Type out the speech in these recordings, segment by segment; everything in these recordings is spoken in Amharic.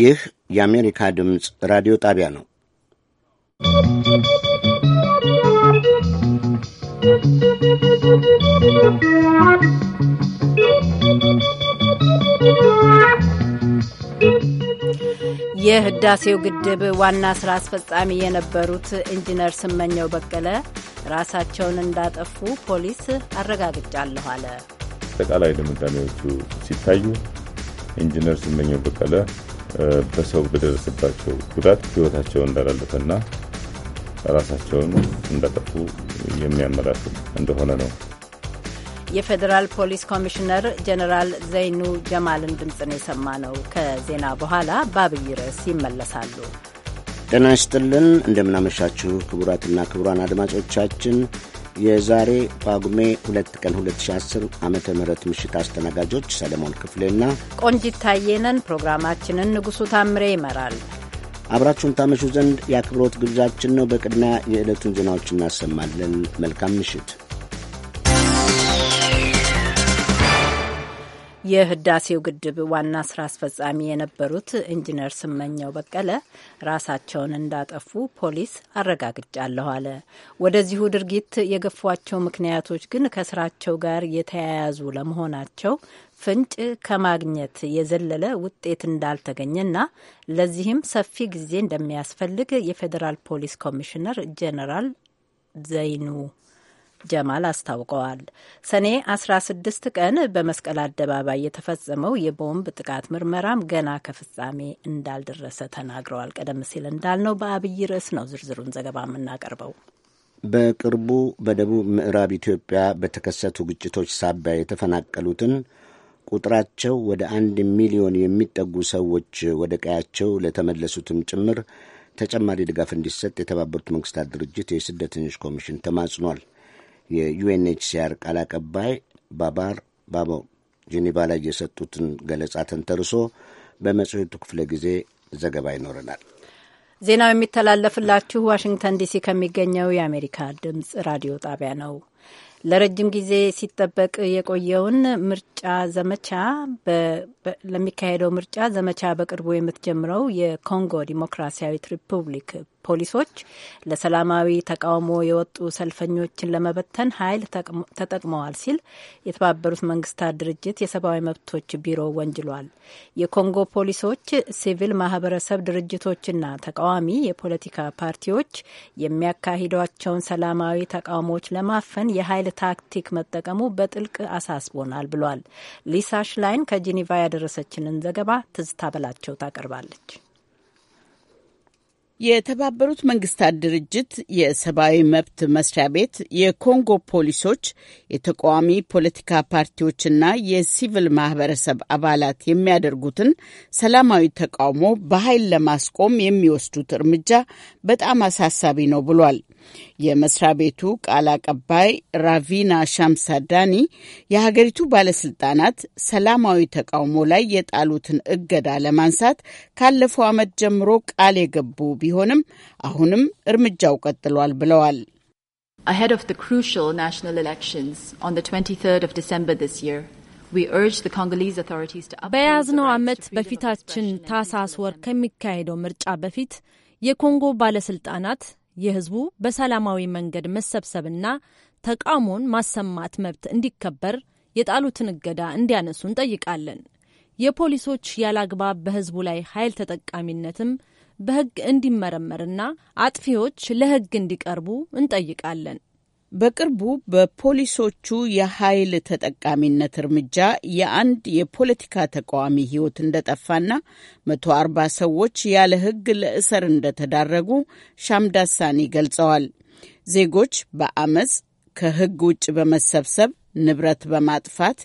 ይህ የአሜሪካ ድምፅ ራዲዮ ጣቢያ ነው። የህዳሴው ግድብ ዋና ስራ አስፈጻሚ የነበሩት ኢንጂነር ስመኘው በቀለ ራሳቸውን እንዳጠፉ ፖሊስ አረጋግጫለሁ አለ። አጠቃላይ ድምዳሜዎቹ ሲታዩ ኢንጂነር ስመኘው በቀለ በሰው በደረሰባቸው ጉዳት ህይወታቸውን እንዳላለፈና ራሳቸውን እንዳጠፉ የሚያመላክት እንደሆነ ነው። የፌዴራል ፖሊስ ኮሚሽነር ጀኔራል ዘይኑ ጀማልን ድምፅን የሰማ ነው። ከዜና በኋላ በአብይ ርዕስ ይመለሳሉ። ጤና ይስጥልን፣ እንደምናመሻችሁ ክቡራትና ክቡራን አድማጮቻችን የዛሬ ጳጉሜ 2 ቀን 2010 ዓ ም ምሽት አስተናጋጆች ሰለሞን ክፍሌና ቆንጂት ታየነን። ፕሮግራማችንን ንጉሡ ታምሬ ይመራል። አብራችሁን ታመሹ ዘንድ የአክብሮት ግብዣችን ነው። በቅድሚያ የዕለቱን ዜናዎች እናሰማለን። መልካም ምሽት። የህዳሴው ግድብ ዋና ስራ አስፈጻሚ የነበሩት ኢንጂነር ስመኘው በቀለ ራሳቸውን እንዳጠፉ ፖሊስ አረጋግጫለሁ አለ። ወደዚሁ ድርጊት የገፏቸው ምክንያቶች ግን ከስራቸው ጋር የተያያዙ ለመሆናቸው ፍንጭ ከማግኘት የዘለለ ውጤት እንዳልተገኘና ለዚህም ሰፊ ጊዜ እንደሚያስፈልግ የፌዴራል ፖሊስ ኮሚሽነር ጄኔራል ዘይኑ ጀማል አስታውቀዋል። ሰኔ 16 ቀን በመስቀል አደባባይ የተፈጸመው የቦምብ ጥቃት ምርመራም ገና ከፍጻሜ እንዳልደረሰ ተናግረዋል። ቀደም ሲል እንዳልነው በአብይ ርዕስ ነው ዝርዝሩን ዘገባ የምናቀርበው። በቅርቡ በደቡብ ምዕራብ ኢትዮጵያ በተከሰቱ ግጭቶች ሳቢያ የተፈናቀሉትን ቁጥራቸው ወደ አንድ ሚሊዮን የሚጠጉ ሰዎች ወደ ቀያቸው ለተመለሱትም ጭምር ተጨማሪ ድጋፍ እንዲሰጥ የተባበሩት መንግስታት ድርጅት የስደተኞች ኮሚሽን ተማጽኗል። የዩኤንኤችሲአር ቃል አቀባይ ባባር ባቦ ጄኔቫ ላይ የሰጡትን ገለጻ ተንተርሶ በመጽሔቱ ክፍለ ጊዜ ዘገባ ይኖረናል። ዜናው የሚተላለፍላችሁ ዋሽንግተን ዲሲ ከሚገኘው የአሜሪካ ድምጽ ራዲዮ ጣቢያ ነው። ለረጅም ጊዜ ሲጠበቅ የቆየውን ምርጫ ዘመቻ ለሚካሄደው ምርጫ ዘመቻ በቅርቡ የምትጀምረው የኮንጎ ዲሞክራሲያዊት ሪፑብሊክ ፖሊሶች ለሰላማዊ ተቃውሞ የወጡ ሰልፈኞችን ለመበተን ኃይል ተጠቅመዋል ሲል የተባበሩት መንግስታት ድርጅት የሰብአዊ መብቶች ቢሮ ወንጅሏል። የኮንጎ ፖሊሶች ሲቪል ማህበረሰብ ድርጅቶችና ተቃዋሚ የፖለቲካ ፓርቲዎች የሚያካሂዷቸውን ሰላማዊ ተቃውሞዎች ለማፈን የኃይል ታክቲክ መጠቀሙ በጥልቅ አሳስቦናል ብሏል። ሊሳ ሽላይን ከጂኒቫ ያደረሰችንን ዘገባ ትዝታ በላቸው ታቀርባለች። የተባበሩት መንግስታት ድርጅት የሰብአዊ መብት መስሪያ ቤት የኮንጎ ፖሊሶች የተቃዋሚ ፖለቲካ ፓርቲዎችና የሲቪል ማህበረሰብ አባላት የሚያደርጉትን ሰላማዊ ተቃውሞ በኃይል ለማስቆም የሚወስዱት እርምጃ በጣም አሳሳቢ ነው ብሏል። የመስሪያ ቤቱ ቃል አቀባይ ራቪና ሻምሳዳኒ የሀገሪቱ ባለስልጣናት ሰላማዊ ተቃውሞ ላይ የጣሉትን እገዳ ለማንሳት ካለፈው ዓመት ጀምሮ ቃል የገቡ ቢሆንም አሁንም እርምጃው ቀጥሏል ብለዋል። Ahead of the crucial national elections on the 23rd of December this year, በያዝነው ዓመት በፊታችን ታህሳስ ወር ከሚካሄደው ምርጫ በፊት የኮንጎ ባለስልጣናት የህዝቡ በሰላማዊ መንገድ መሰብሰብና ተቃውሞን ማሰማት መብት እንዲከበር የጣሉትን እገዳ እንዲያነሱ እንጠይቃለን። የፖሊሶች ያላግባብ በህዝቡ ላይ ኃይል ተጠቃሚነትም በህግ እንዲመረመርና አጥፊዎች ለህግ እንዲቀርቡ እንጠይቃለን። በቅርቡ በፖሊሶቹ የኃይል ተጠቃሚነት እርምጃ የአንድ የፖለቲካ ተቃዋሚ ሕይወት እንደጠፋና አርባ ሰዎች ያለ ሕግ ለእስር እንደተዳረጉ ሻምዳሳኒ ገልጸዋል። ዜጎች በአመፅ ከሕግ ውጭ በመሰብሰብ ንብረት በማጥፋት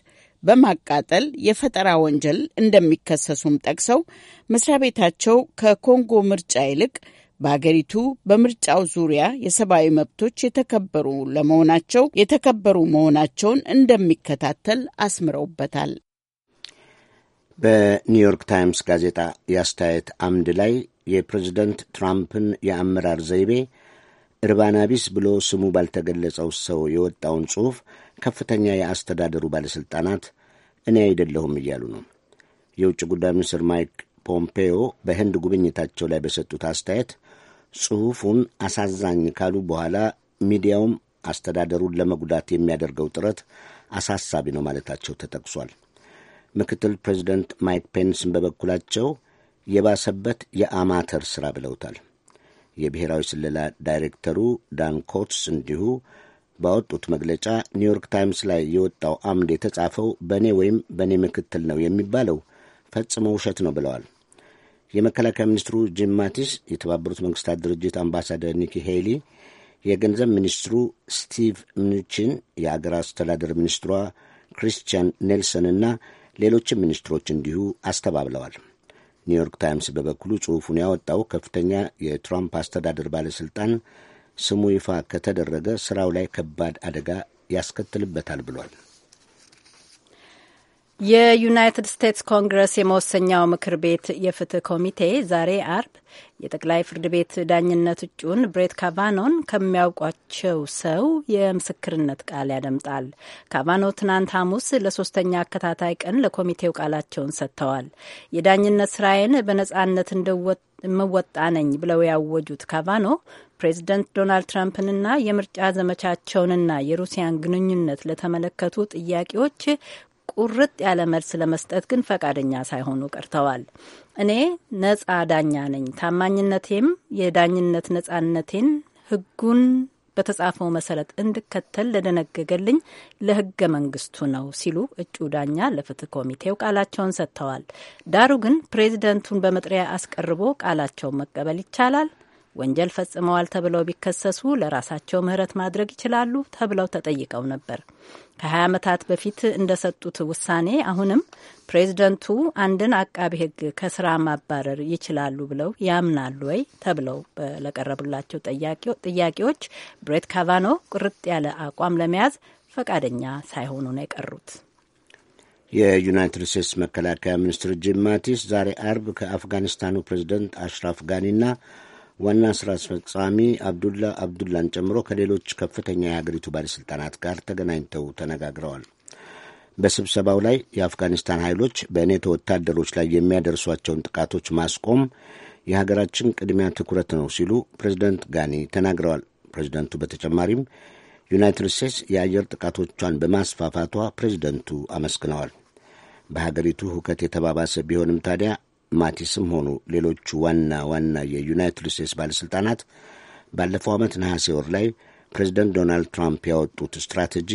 በማቃጠል የፈጠራ ወንጀል እንደሚከሰሱም ጠቅሰው መስሪያ ቤታቸው ከኮንጎ ምርጫ ይልቅ በሀገሪቱ በምርጫው ዙሪያ የሰብአዊ መብቶች የተከበሩ ለመሆናቸው የተከበሩ መሆናቸውን እንደሚከታተል አስምረውበታል። በኒውዮርክ ታይምስ ጋዜጣ የአስተያየት አምድ ላይ የፕሬዝደንት ትራምፕን የአመራር ዘይቤ እርባናቢስ ብሎ ስሙ ባልተገለጸው ሰው የወጣውን ጽሑፍ ከፍተኛ የአስተዳደሩ ባለሥልጣናት እኔ አይደለሁም እያሉ ነው። የውጭ ጉዳይ ሚኒስትር ማይክ ፖምፔዮ በህንድ ጉብኝታቸው ላይ በሰጡት አስተያየት ጽሑፉን አሳዛኝ ካሉ በኋላ ሚዲያውም አስተዳደሩን ለመጉዳት የሚያደርገው ጥረት አሳሳቢ ነው ማለታቸው ተጠቅሷል። ምክትል ፕሬዚደንት ማይክ ፔንስን በበኩላቸው የባሰበት የአማተር ሥራ ብለውታል። የብሔራዊ ስለላ ዳይሬክተሩ ዳን ኮትስ እንዲሁ ባወጡት መግለጫ ኒውዮርክ ታይምስ ላይ የወጣው አምድ የተጻፈው በእኔ ወይም በእኔ ምክትል ነው የሚባለው ፈጽሞ ውሸት ነው ብለዋል። የመከላከያ ሚኒስትሩ ጂም ማቲስ፣ የተባበሩት መንግስታት ድርጅት አምባሳደር ኒኪ ሄሊ፣ የገንዘብ ሚኒስትሩ ስቲቭ ምኑቺን፣ የአገር አስተዳደር ሚኒስትሯ ክሪስቲያን ኔልሰን እና ሌሎችም ሚኒስትሮች እንዲሁ አስተባብለዋል። ኒውዮርክ ታይምስ በበኩሉ ጽሑፉን ያወጣው ከፍተኛ የትራምፕ አስተዳደር ባለሥልጣን ስሙ ይፋ ከተደረገ ስራው ላይ ከባድ አደጋ ያስከትልበታል ብሏል። የዩናይትድ ስቴትስ ኮንግረስ የመወሰኛው ምክር ቤት የፍትህ ኮሚቴ ዛሬ አርብ የጠቅላይ ፍርድ ቤት ዳኝነት እጩን ብሬት ካቫኖን ከሚያውቋቸው ሰው የምስክርነት ቃል ያደምጣል። ካቫኖ ትናንት ሐሙስ ለሶስተኛ አከታታይ ቀን ለኮሚቴው ቃላቸውን ሰጥተዋል። የዳኝነት ስራዬን በነጻነት እንደምወጣ ነኝ ብለው ያወጁት ካቫኖ ፕሬዚደንት ዶናልድ ትራምፕንና የምርጫ ዘመቻቸውንና የሩሲያን ግንኙነት ለተመለከቱ ጥያቄዎች ቁርጥ ያለ መልስ ለመስጠት ግን ፈቃደኛ ሳይሆኑ ቀርተዋል። እኔ ነጻ ዳኛ ነኝ፣ ታማኝነቴም የዳኝነት ነጻነቴን ህጉን በተጻፈው መሰረት እንድከተል ለደነገገልኝ ለህገ መንግስቱ ነው ሲሉ እጩ ዳኛ ለፍትህ ኮሚቴው ቃላቸውን ሰጥተዋል። ዳሩ ግን ፕሬዚደንቱን በመጥሪያ አስቀርቦ ቃላቸውን መቀበል ይቻላል ወንጀል ፈጽመዋል ተብለው ቢከሰሱ ለራሳቸው ምህረት ማድረግ ይችላሉ ተብለው ተጠይቀው ነበር። ከ20 ዓመታት በፊት እንደሰጡት ውሳኔ አሁንም ፕሬዚደንቱ አንድን አቃቢ ሕግ ከስራ ማባረር ይችላሉ ብለው ያምናሉ ወይ ተብለው ለቀረቡላቸው ጥያቄዎች ብሬት ካቫኖ ቁርጥ ያለ አቋም ለመያዝ ፈቃደኛ ሳይሆኑ ነው የቀሩት። የዩናይትድ ስቴትስ መከላከያ ሚኒስትር ጂም ማቲስ ዛሬ አርብ ከአፍጋኒስታኑ ፕሬዚደንት አሽራፍ ጋኒና ዋና ሥራ አስፈጻሚ አብዱላ አብዱላን ጨምሮ ከሌሎች ከፍተኛ የሀገሪቱ ባለሥልጣናት ጋር ተገናኝተው ተነጋግረዋል። በስብሰባው ላይ የአፍጋኒስታን ኃይሎች በኔቶ ወታደሮች ላይ የሚያደርሷቸውን ጥቃቶች ማስቆም የሀገራችን ቅድሚያ ትኩረት ነው ሲሉ ፕሬዚደንት ጋኒ ተናግረዋል። ፕሬዚደንቱ በተጨማሪም ዩናይትድ ስቴትስ የአየር ጥቃቶቿን በማስፋፋቷ ፕሬዚደንቱ አመስግነዋል። በሀገሪቱ ሁከት የተባባሰ ቢሆንም ታዲያ ማቲስም ሆኑ ሌሎቹ ዋና ዋና የዩናይትድ ስቴትስ ባለሥልጣናት ባለፈው ዓመት ነሐሴ ወር ላይ ፕሬዚደንት ዶናልድ ትራምፕ ያወጡት ስትራቴጂ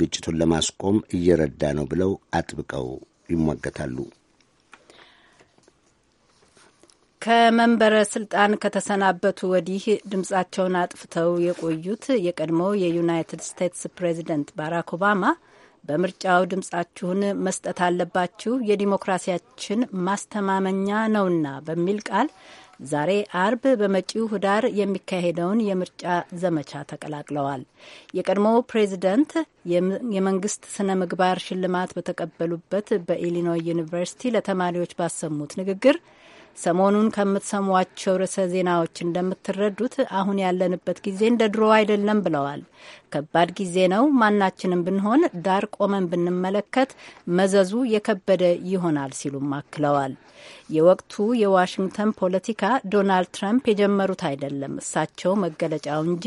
ግጭቱን ለማስቆም እየረዳ ነው ብለው አጥብቀው ይሟገታሉ። ከመንበረ ስልጣን ከተሰናበቱ ወዲህ ድምጻቸውን አጥፍተው የቆዩት የቀድሞው የዩናይትድ ስቴትስ ፕሬዚደንት ባራክ ኦባማ በምርጫው ድምጻችሁን መስጠት አለባችሁ የዲሞክራሲያችን ማስተማመኛ ነውና በሚል ቃል ዛሬ አርብ በመጪው ህዳር የሚካሄደውን የምርጫ ዘመቻ ተቀላቅለዋል። የቀድሞው ፕሬዚደንት የመንግስት ስነ ምግባር ሽልማት በተቀበሉበት በኢሊኖይ ዩኒቨርሲቲ ለተማሪዎች ባሰሙት ንግግር ሰሞኑን ከምትሰሟቸው ርዕሰ ዜናዎች እንደምትረዱት አሁን ያለንበት ጊዜ እንደ ድሮ አይደለም ብለዋል። ከባድ ጊዜ ነው። ማናችንም ብንሆን ዳር ቆመን ብንመለከት መዘዙ የከበደ ይሆናል ሲሉም አክለዋል። የወቅቱ የዋሽንግተን ፖለቲካ ዶናልድ ትራምፕ የጀመሩት አይደለም፣ እሳቸው መገለጫው እንጂ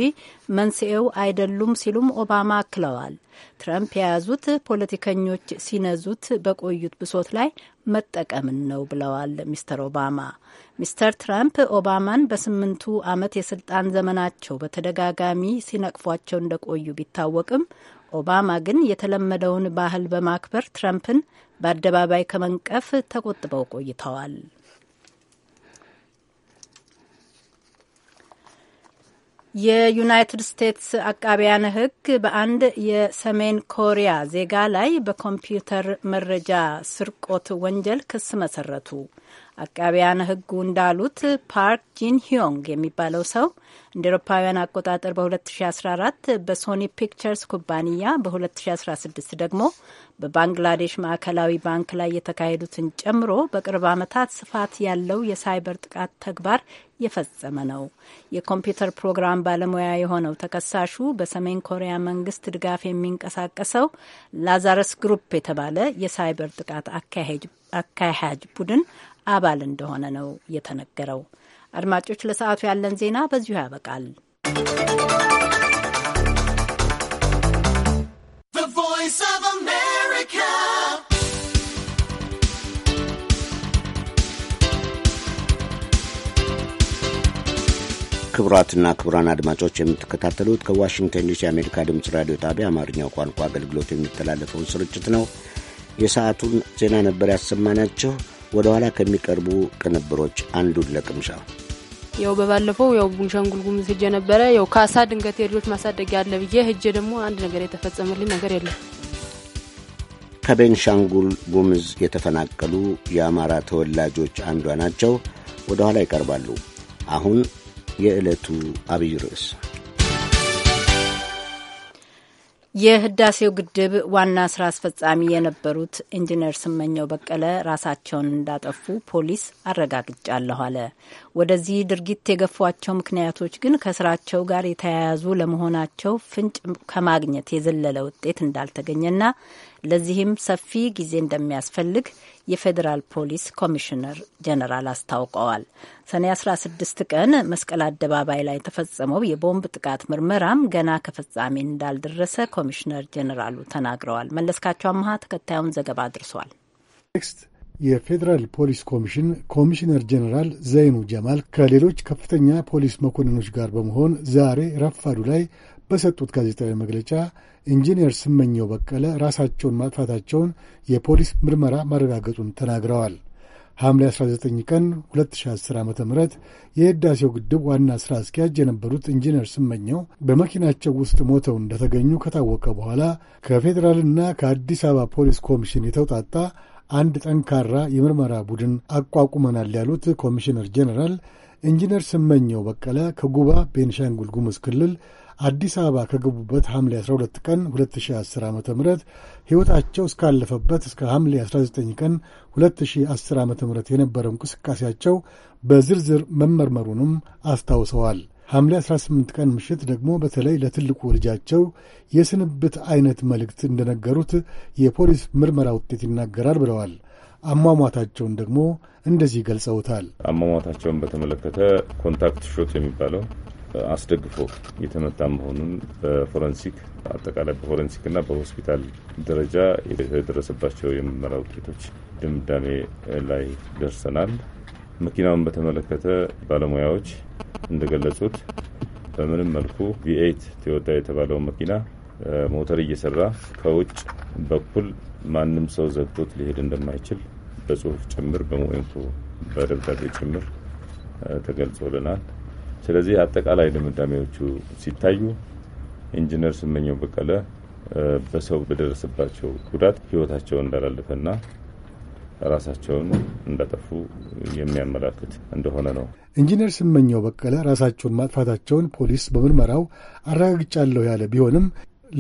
መንስኤው አይደሉም ሲሉም ኦባማ አክለዋል። ትራምፕ የያዙት ፖለቲከኞች ሲነዙት በቆዩት ብሶት ላይ መጠቀምን ነው ብለዋል ሚስተር ኦባማ። ሚስተር ትራምፕ ኦባማን በስምንቱ ዓመት የስልጣን ዘመናቸው በተደጋጋሚ ሲነቅፏቸው እንደቆዩ ቢታወቅም ኦባማ ግን የተለመደውን ባህል በማክበር ትራምፕን በአደባባይ ከመንቀፍ ተቆጥበው ቆይተዋል። የዩናይትድ ስቴትስ አቃቢያን ሕግ በአንድ የሰሜን ኮሪያ ዜጋ ላይ በኮምፒውተር መረጃ ስርቆት ወንጀል ክስ መሰረቱ። አቃቢያን ሕጉ እንዳሉት ፓርክ ጂን ሂዮንግ የሚባለው ሰው እንደ ኤሮፓውያን አቆጣጠር በ2014 በሶኒ ፒክቸርስ ኩባንያ በ2016 ደግሞ በባንግላዴሽ ማዕከላዊ ባንክ ላይ የተካሄዱትን ጨምሮ በቅርብ ዓመታት ስፋት ያለው የሳይበር ጥቃት ተግባር የፈጸመ ነው። የኮምፒውተር ፕሮግራም ባለሙያ የሆነው ተከሳሹ በሰሜን ኮሪያ መንግስት ድጋፍ የሚንቀሳቀሰው ላዛረስ ግሩፕ የተባለ የሳይበር ጥቃት አካሄጅ አካሄጅ ቡድን አባል እንደሆነ ነው የተነገረው። አድማጮች፣ ለሰዓቱ ያለን ዜና በዚሁ ያበቃል። ክቡራትና ክቡራን አድማጮች የምትከታተሉት ከዋሽንግተን ዲሲ የአሜሪካ ድምፅ ራዲዮ ጣቢያ አማርኛው ቋንቋ አገልግሎት የሚተላለፈውን ስርጭት ነው። የሰዓቱን ዜና ነበር ያሰማናችሁ። ወደ ኋላ ከሚቀርቡ ቅንብሮች አንዱን ለቅምሻ ያው በባለፈው ያው ቡንሻንጉል ጉሙዝ ሄጄ ነበረ። ያው ካሳ ድንገት የልጆች ማሳደጊያ ያለ ብዬ ሄጄ ደግሞ አንድ ነገር የተፈጸመልኝ ነገር የለም። ከቤንሻንጉል ጉሙዝ የተፈናቀሉ የአማራ ተወላጆች አንዷ ናቸው። ወደ ኋላ ይቀርባሉ። አሁን የዕለቱ አብይ ርዕስ የህዳሴው ግድብ ዋና ስራ አስፈጻሚ የነበሩት ኢንጂነር ስመኘው በቀለ ራሳቸውን እንዳጠፉ ፖሊስ አረጋግጫለሁ አለ። ወደዚህ ድርጊት የገፏቸው ምክንያቶች ግን ከስራቸው ጋር የተያያዙ ለመሆናቸው ፍንጭ ከማግኘት የዘለለ ውጤት እንዳልተገኘና ለዚህም ሰፊ ጊዜ እንደሚያስፈልግ የፌዴራል ፖሊስ ኮሚሽነር ጀነራል አስታውቀዋል። ሰኔ 16 ቀን መስቀል አደባባይ ላይ የተፈጸመው የቦምብ ጥቃት ምርመራም ገና ከፍጻሜ እንዳልደረሰ ኮሚሽነር ጀነራሉ ተናግረዋል። መለስካቸው አመሀ ተከታዩን ዘገባ አድርሷል። የፌዴራል ፖሊስ ኮሚሽን ኮሚሽነር ጀኔራል ዘይኑ ጀማል ከሌሎች ከፍተኛ ፖሊስ መኮንኖች ጋር በመሆን ዛሬ ረፋዱ ላይ በሰጡት ጋዜጣዊ መግለጫ ኢንጂነር ስመኘው በቀለ ራሳቸውን ማጥፋታቸውን የፖሊስ ምርመራ ማረጋገጡን ተናግረዋል። ሐምሌ 19 ቀን 2010 ዓ ም የህዳሴው ግድብ ዋና ሥራ አስኪያጅ የነበሩት ኢንጂነር ስመኘው በመኪናቸው ውስጥ ሞተው እንደተገኙ ከታወቀ በኋላ ከፌዴራልና ከአዲስ አበባ ፖሊስ ኮሚሽን የተውጣጣ አንድ ጠንካራ የምርመራ ቡድን አቋቁመናል ያሉት ኮሚሽነር ጄኔራል ኢንጂነር ስመኘው በቀለ ከጉባ ቤንሻንጉል ጉሙዝ ክልል አዲስ አበባ ከገቡበት ሐምሌ 12 ቀን 2010 ዓ ም ሕይወታቸው እስካለፈበት እስከ ሐምሌ 19 ቀን 2010 ዓ ም የነበረው እንቅስቃሴያቸው በዝርዝር መመርመሩንም አስታውሰዋል። ሐምሌ 18 ቀን ምሽት ደግሞ በተለይ ለትልቁ ልጃቸው የስንብት አይነት መልእክት እንደነገሩት የፖሊስ ምርመራ ውጤት ይናገራል ብለዋል። አሟሟታቸውን ደግሞ እንደዚህ ገልጸውታል። አሟሟታቸውን በተመለከተ ኮንታክት ሾት የሚባለው አስደግፎ የተመታ መሆኑን በፎረንሲክ አጠቃላይ በፎረንሲክና በሆስፒታል ደረጃ የደረሰባቸው የምርመራ ውጤቶች ድምዳሜ ላይ ደርሰናል። መኪናውን በተመለከተ ባለሙያዎች እንደገለጹት በምንም መልኩ ቪኤት ቶዮታ የተባለው መኪና ሞተር እየሰራ ከውጭ በኩል ማንም ሰው ዘግቶት ሊሄድ እንደማይችል በጽሁፍ ጭምር በሞኢንፎ በደብዳቤ ጭምር ተገልጾልናል። ስለዚህ አጠቃላይ ድምዳሜዎቹ ሲታዩ ኢንጂነር ስመኘው በቀለ በሰው በደረሰባቸው ጉዳት ህይወታቸውን እንዳላለፈና ራሳቸውን እንዳጠፉ የሚያመላክት እንደሆነ ነው። ኢንጂነር ስመኘው በቀለ ራሳቸውን ማጥፋታቸውን ፖሊስ በምርመራው አረጋግጫለሁ ያለ ቢሆንም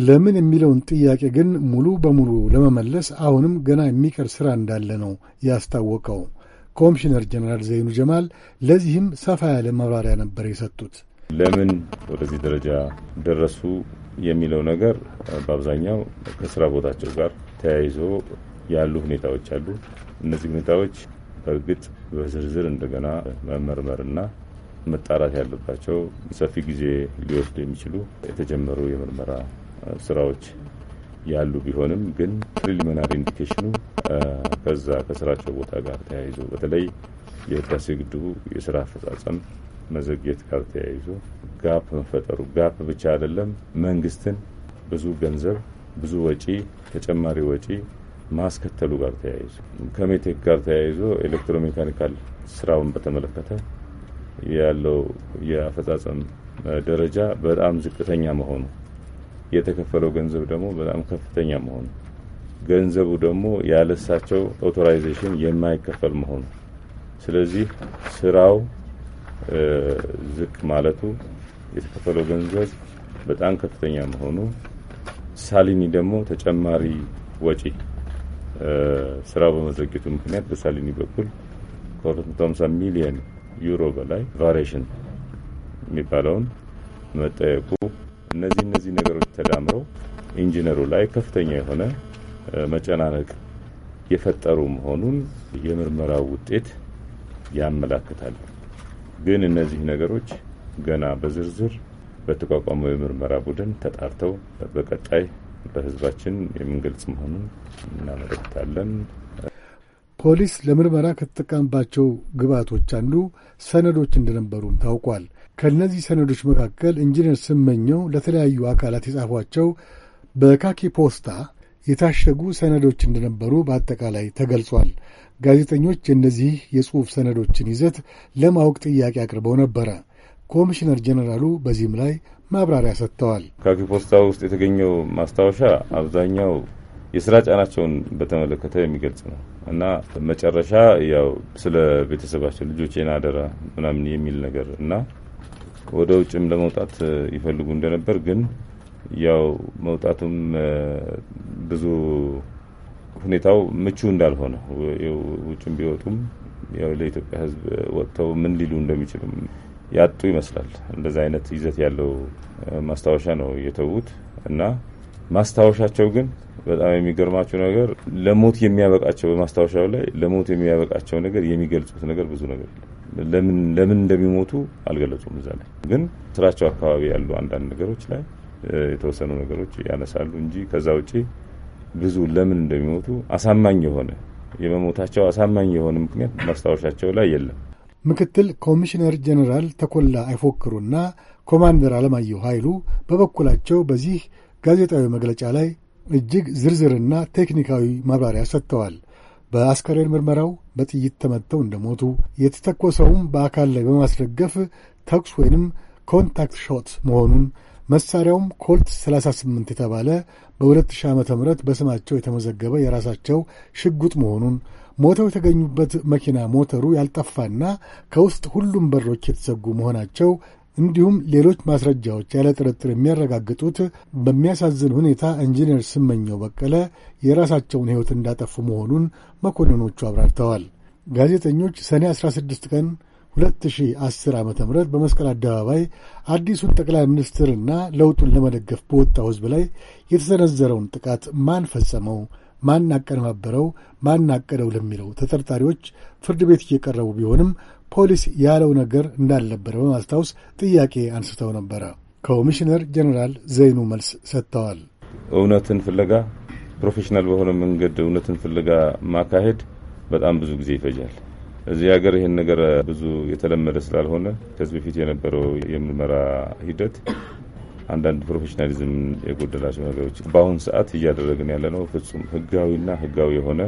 ለምን የሚለውን ጥያቄ ግን ሙሉ በሙሉ ለመመለስ አሁንም ገና የሚቀር ስራ እንዳለ ነው ያስታወቀው። ኮሚሽነር ጀነራል ዘይኑ ጀማል ለዚህም ሰፋ ያለ ማብራሪያ ነበር የሰጡት። ለምን ወደዚህ ደረጃ ደረሱ የሚለው ነገር በአብዛኛው ከስራ ቦታቸው ጋር ተያይዞ ያሉ ሁኔታዎች አሉ። እነዚህ ሁኔታዎች በእርግጥ በዝርዝር እንደገና መመርመርና መጣራት ያለባቸው ሰፊ ጊዜ ሊወስዱ የሚችሉ የተጀመሩ የምርመራ ስራዎች ያሉ ቢሆንም ግን ፕሪሊሚናሪ ኢንዲኬሽኑ ከዛ ከስራቸው ቦታ ጋር ተያይዞ በተለይ የህዳሴ ግድቡ የስራ አፈጻጸም መዘግየት ጋር ተያይዞ ጋፕ መፈጠሩ ጋፕ ብቻ አይደለም፣ መንግስትን ብዙ ገንዘብ ብዙ ወጪ ተጨማሪ ወጪ ማስከተሉ ጋር ተያይዞ ከሜቴክ ጋር ተያይዞ ኤሌክትሮሜካኒካል ስራውን በተመለከተ ያለው የአፈጻጸም ደረጃ በጣም ዝቅተኛ መሆኑ የተከፈለው ገንዘብ ደግሞ በጣም ከፍተኛ መሆኑ፣ ገንዘቡ ደግሞ ያለሳቸው ኦቶራይዜሽን የማይከፈል መሆኑ፣ ስለዚህ ስራው ዝቅ ማለቱ፣ የተከፈለው ገንዘብ በጣም ከፍተኛ መሆኑ፣ ሳሊኒ ደግሞ ተጨማሪ ወጪ ስራው በመዘግየቱ ምክንያት በሳሊኒ በኩል ከ250 ሚሊዮን ዩሮ በላይ ቫሪሽን የሚባለውን መጠየቁ እነዚህ እነዚህ ነገሮች ተዳምረው ኢንጂነሩ ላይ ከፍተኛ የሆነ መጨናነቅ የፈጠሩ መሆኑን የምርመራው ውጤት ያመላክታል። ግን እነዚህ ነገሮች ገና በዝርዝር በተቋቋመው የምርመራ ቡድን ተጣርተው በቀጣይ በህዝባችን የምንገልጽ መሆኑን እናመለክታለን። ፖሊስ ለምርመራ ከተጠቀምባቸው ግብዓቶች አንዱ ሰነዶች እንደነበሩም ታውቋል። ከእነዚህ ሰነዶች መካከል ኢንጂነር ስመኘው ለተለያዩ አካላት የጻፏቸው በካኪ ፖስታ የታሸጉ ሰነዶች እንደነበሩ በአጠቃላይ ተገልጿል። ጋዜጠኞች የእነዚህ የጽሑፍ ሰነዶችን ይዘት ለማወቅ ጥያቄ አቅርበው ነበረ። ኮሚሽነር ጀኔራሉ በዚህም ላይ ማብራሪያ ሰጥተዋል። ካኪ ፖስታ ውስጥ የተገኘው ማስታወሻ አብዛኛው የስራ ጫናቸውን በተመለከተ የሚገልጽ ነው እና መጨረሻ ያው ስለ ቤተሰባቸው ልጆቼን አደራ ምናምን የሚል ነገር እና ወደ ውጭም ለመውጣት ይፈልጉ እንደነበር ግን ያው መውጣቱም ብዙ ሁኔታው ምቹ እንዳልሆነ ውጭም ቢወጡም ያው ለኢትዮጵያ ሕዝብ ወጥተው ምን ሊሉ እንደሚችሉም ያጡ ይመስላል። እንደዛ አይነት ይዘት ያለው ማስታወሻ ነው የተዉት እና ማስታወሻቸው ግን በጣም የሚገርማቸው ነገር ለሞት የሚያበቃቸው በማስታወሻው ላይ ለሞት የሚያበቃቸው ነገር የሚገልጹት ነገር ብዙ ነገር ለምን እንደሚሞቱ አልገለጹም። እዛ ላይ ግን ስራቸው አካባቢ ያሉ አንዳንድ ነገሮች ላይ የተወሰኑ ነገሮች ያነሳሉ እንጂ ከዛ ውጪ ብዙ ለምን እንደሚሞቱ አሳማኝ የሆነ የመሞታቸው አሳማኝ የሆነ ምክንያት ማስታወሻቸው ላይ የለም። ምክትል ኮሚሽነር ጀኔራል ተኮላ አይፎክሩና ኮማንደር አለማየሁ ኃይሉ በበኩላቸው በዚህ ጋዜጣዊ መግለጫ ላይ እጅግ ዝርዝርና ቴክኒካዊ ማብራሪያ ሰጥተዋል። በአስከሬን ምርመራው በጥይት ተመተው እንደሞቱ የተተኮሰውም በአካል ላይ በማስደገፍ ተኩስ ወይንም ኮንታክት ሾት መሆኑን መሳሪያውም ኮልት 38 የተባለ በ2000 ዓ ም በስማቸው የተመዘገበ የራሳቸው ሽጉጥ መሆኑን ሞተው የተገኙበት መኪና ሞተሩ ያልጠፋና ከውስጥ ሁሉም በሮች የተዘጉ መሆናቸው እንዲሁም ሌሎች ማስረጃዎች ያለ ጥርጥር የሚያረጋግጡት በሚያሳዝን ሁኔታ ኢንጂነር ስመኘው በቀለ የራሳቸውን ሕይወት እንዳጠፉ መሆኑን መኮንኖቹ አብራርተዋል። ጋዜጠኞች ሰኔ 16 ቀን 2010 ዓ ም በመስቀል አደባባይ አዲሱን ጠቅላይ ሚኒስትርና ለውጡን ለመደገፍ በወጣው ሕዝብ ላይ የተሰነዘረውን ጥቃት ማን ፈጸመው፣ ማን አቀነባበረው፣ ማን አቀደው ለሚለው ተጠርጣሪዎች ፍርድ ቤት እየቀረቡ ቢሆንም ፖሊስ ያለው ነገር እንዳልነበረ በማስታወስ ጥያቄ አንስተው ነበረ። ኮሚሽነር ጀኔራል ዘይኑ መልስ ሰጥተዋል። እውነትን ፍለጋ ፕሮፌሽናል በሆነ መንገድ እውነትን ፍለጋ ማካሄድ በጣም ብዙ ጊዜ ይፈጃል። እዚህ ሀገር ይህን ነገር ብዙ የተለመደ ስላልሆነ ከዚህ በፊት የነበረው የምርመራ ሂደት አንዳንድ ፕሮፌሽናሊዝም የጎደላቸው ነገሮች በአሁን ሰዓት እያደረግን ያለ ነው። ፍጹም ህጋዊና ህጋዊ የሆነ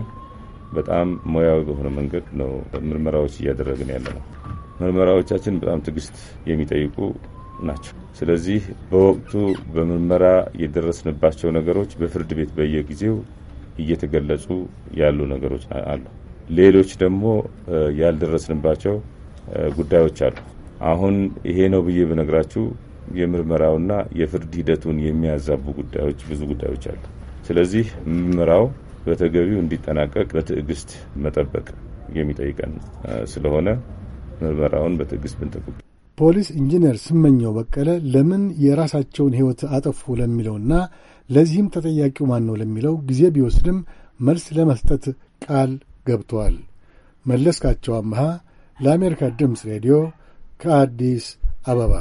በጣም ሙያዊ በሆነ መንገድ ነው ምርመራዎች እያደረግን ያለ ነው። ምርመራዎቻችን በጣም ትዕግስት የሚጠይቁ ናቸው። ስለዚህ በወቅቱ በምርመራ የደረስንባቸው ነገሮች በፍርድ ቤት በየጊዜው እየተገለጹ ያሉ ነገሮች አሉ። ሌሎች ደግሞ ያልደረስንባቸው ጉዳዮች አሉ። አሁን ይሄ ነው ብዬ ብነግራችሁ የምርመራውና የፍርድ ሂደቱን የሚያዛቡ ጉዳዮች ብዙ ጉዳዮች አሉ። ስለዚህ ምርመራው በተገቢው እንዲጠናቀቅ በትዕግስት መጠበቅ የሚጠይቀን ስለሆነ ምርመራውን በትዕግስት ብንጠብቅ። ፖሊስ ኢንጂነር ስመኘው በቀለ ለምን የራሳቸውን ሕይወት አጠፉ ለሚለውና ለዚህም ተጠያቂው ማን ነው ለሚለው ጊዜ ቢወስድም መልስ ለመስጠት ቃል ገብተዋል። መለስካቸው አምሃ ለአሜሪካ ድምፅ ሬዲዮ ከአዲስ አበባ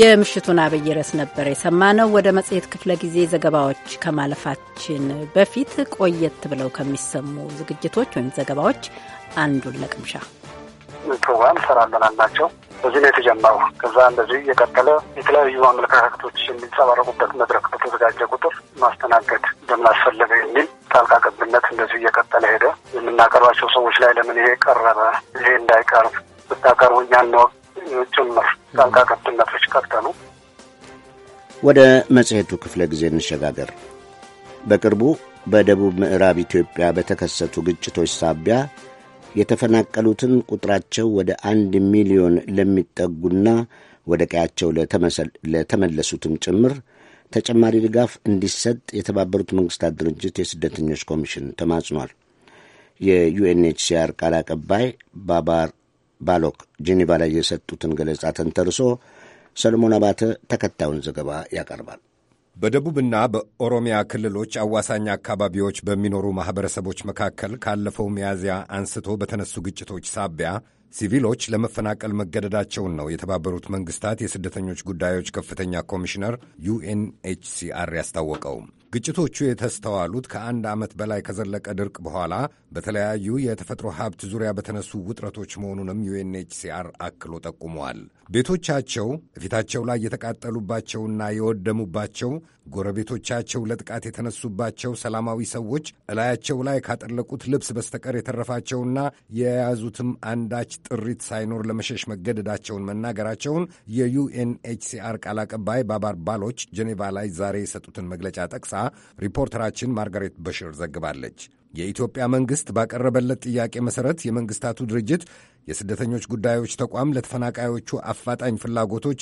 የምሽቱን አብይ ርዕስ ነበር የሰማነው። ወደ መጽሔት ክፍለ ጊዜ ዘገባዎች ከማለፋችን በፊት ቆየት ብለው ከሚሰሙ ዝግጅቶች ወይም ዘገባዎች አንዱን ለቅምሻ ፕሮግራም ሰራለን አልናቸው። በዚህ ነው የተጀመረው። ከዛ እንደዚህ የቀጠለ የተለያዩ አመለካከቶች የሚንጸባረቁበት መድረክ በተዘጋጀ ቁጥር ማስተናገድ ለምን አስፈለገ የሚል ጣልቃ ገብነት እንደዚህ እየቀጠለ ሄደ። የምናቀርባቸው ሰዎች ላይ ለምን ይሄ ቀረበ፣ ይሄ እንዳይቀርብ ብታቀርቡ እኛ እንወቅ ጭምር ጣልቃ ገብነቶች ከተኑ። ወደ መጽሔቱ ክፍለ ጊዜ እንሸጋገር። በቅርቡ በደቡብ ምዕራብ ኢትዮጵያ በተከሰቱ ግጭቶች ሳቢያ የተፈናቀሉትን ቁጥራቸው ወደ አንድ ሚሊዮን ለሚጠጉና ወደ ቀያቸው ለተመለሱትም ጭምር ተጨማሪ ድጋፍ እንዲሰጥ የተባበሩት መንግስታት ድርጅት የስደተኞች ኮሚሽን ተማጽኗል። የዩኤንኤችሲአር ቃል አቀባይ ባባር ባሎክ ጄኔቫ ላይ የሰጡትን ገለጻ ተንተርሶ ሰለሞን አባተ ተከታዩን ዘገባ ያቀርባል። በደቡብና በኦሮሚያ ክልሎች አዋሳኝ አካባቢዎች በሚኖሩ ማኅበረሰቦች መካከል ካለፈው ሚያዝያ አንስቶ በተነሱ ግጭቶች ሳቢያ ሲቪሎች ለመፈናቀል መገደዳቸውን ነው የተባበሩት መንግሥታት የስደተኞች ጉዳዮች ከፍተኛ ኮሚሽነር ዩኤንኤችሲአር ያስታወቀው። ግጭቶቹ የተስተዋሉት ከአንድ ዓመት በላይ ከዘለቀ ድርቅ በኋላ በተለያዩ የተፈጥሮ ሀብት ዙሪያ በተነሱ ውጥረቶች መሆኑንም ዩኤንኤችሲአር አክሎ ጠቁመዋል። ቤቶቻቸው ፊታቸው ላይ የተቃጠሉባቸውና የወደሙባቸው ጎረቤቶቻቸው ለጥቃት የተነሱባቸው ሰላማዊ ሰዎች እላያቸው ላይ ካጠለቁት ልብስ በስተቀር የተረፋቸውና የያዙትም አንዳች ጥሪት ሳይኖር ለመሸሽ መገደዳቸውን መናገራቸውን የዩኤንኤችሲአር ቃል አቀባይ ባባር ባሎች ጄኔቫ ላይ ዛሬ የሰጡትን መግለጫ ጠቅሳ ሪፖርተራችን ማርጋሬት በሽር ዘግባለች። የኢትዮጵያ መንግሥት ባቀረበለት ጥያቄ መሠረት የመንግሥታቱ ድርጅት የስደተኞች ጉዳዮች ተቋም ለተፈናቃዮቹ አፋጣኝ ፍላጎቶች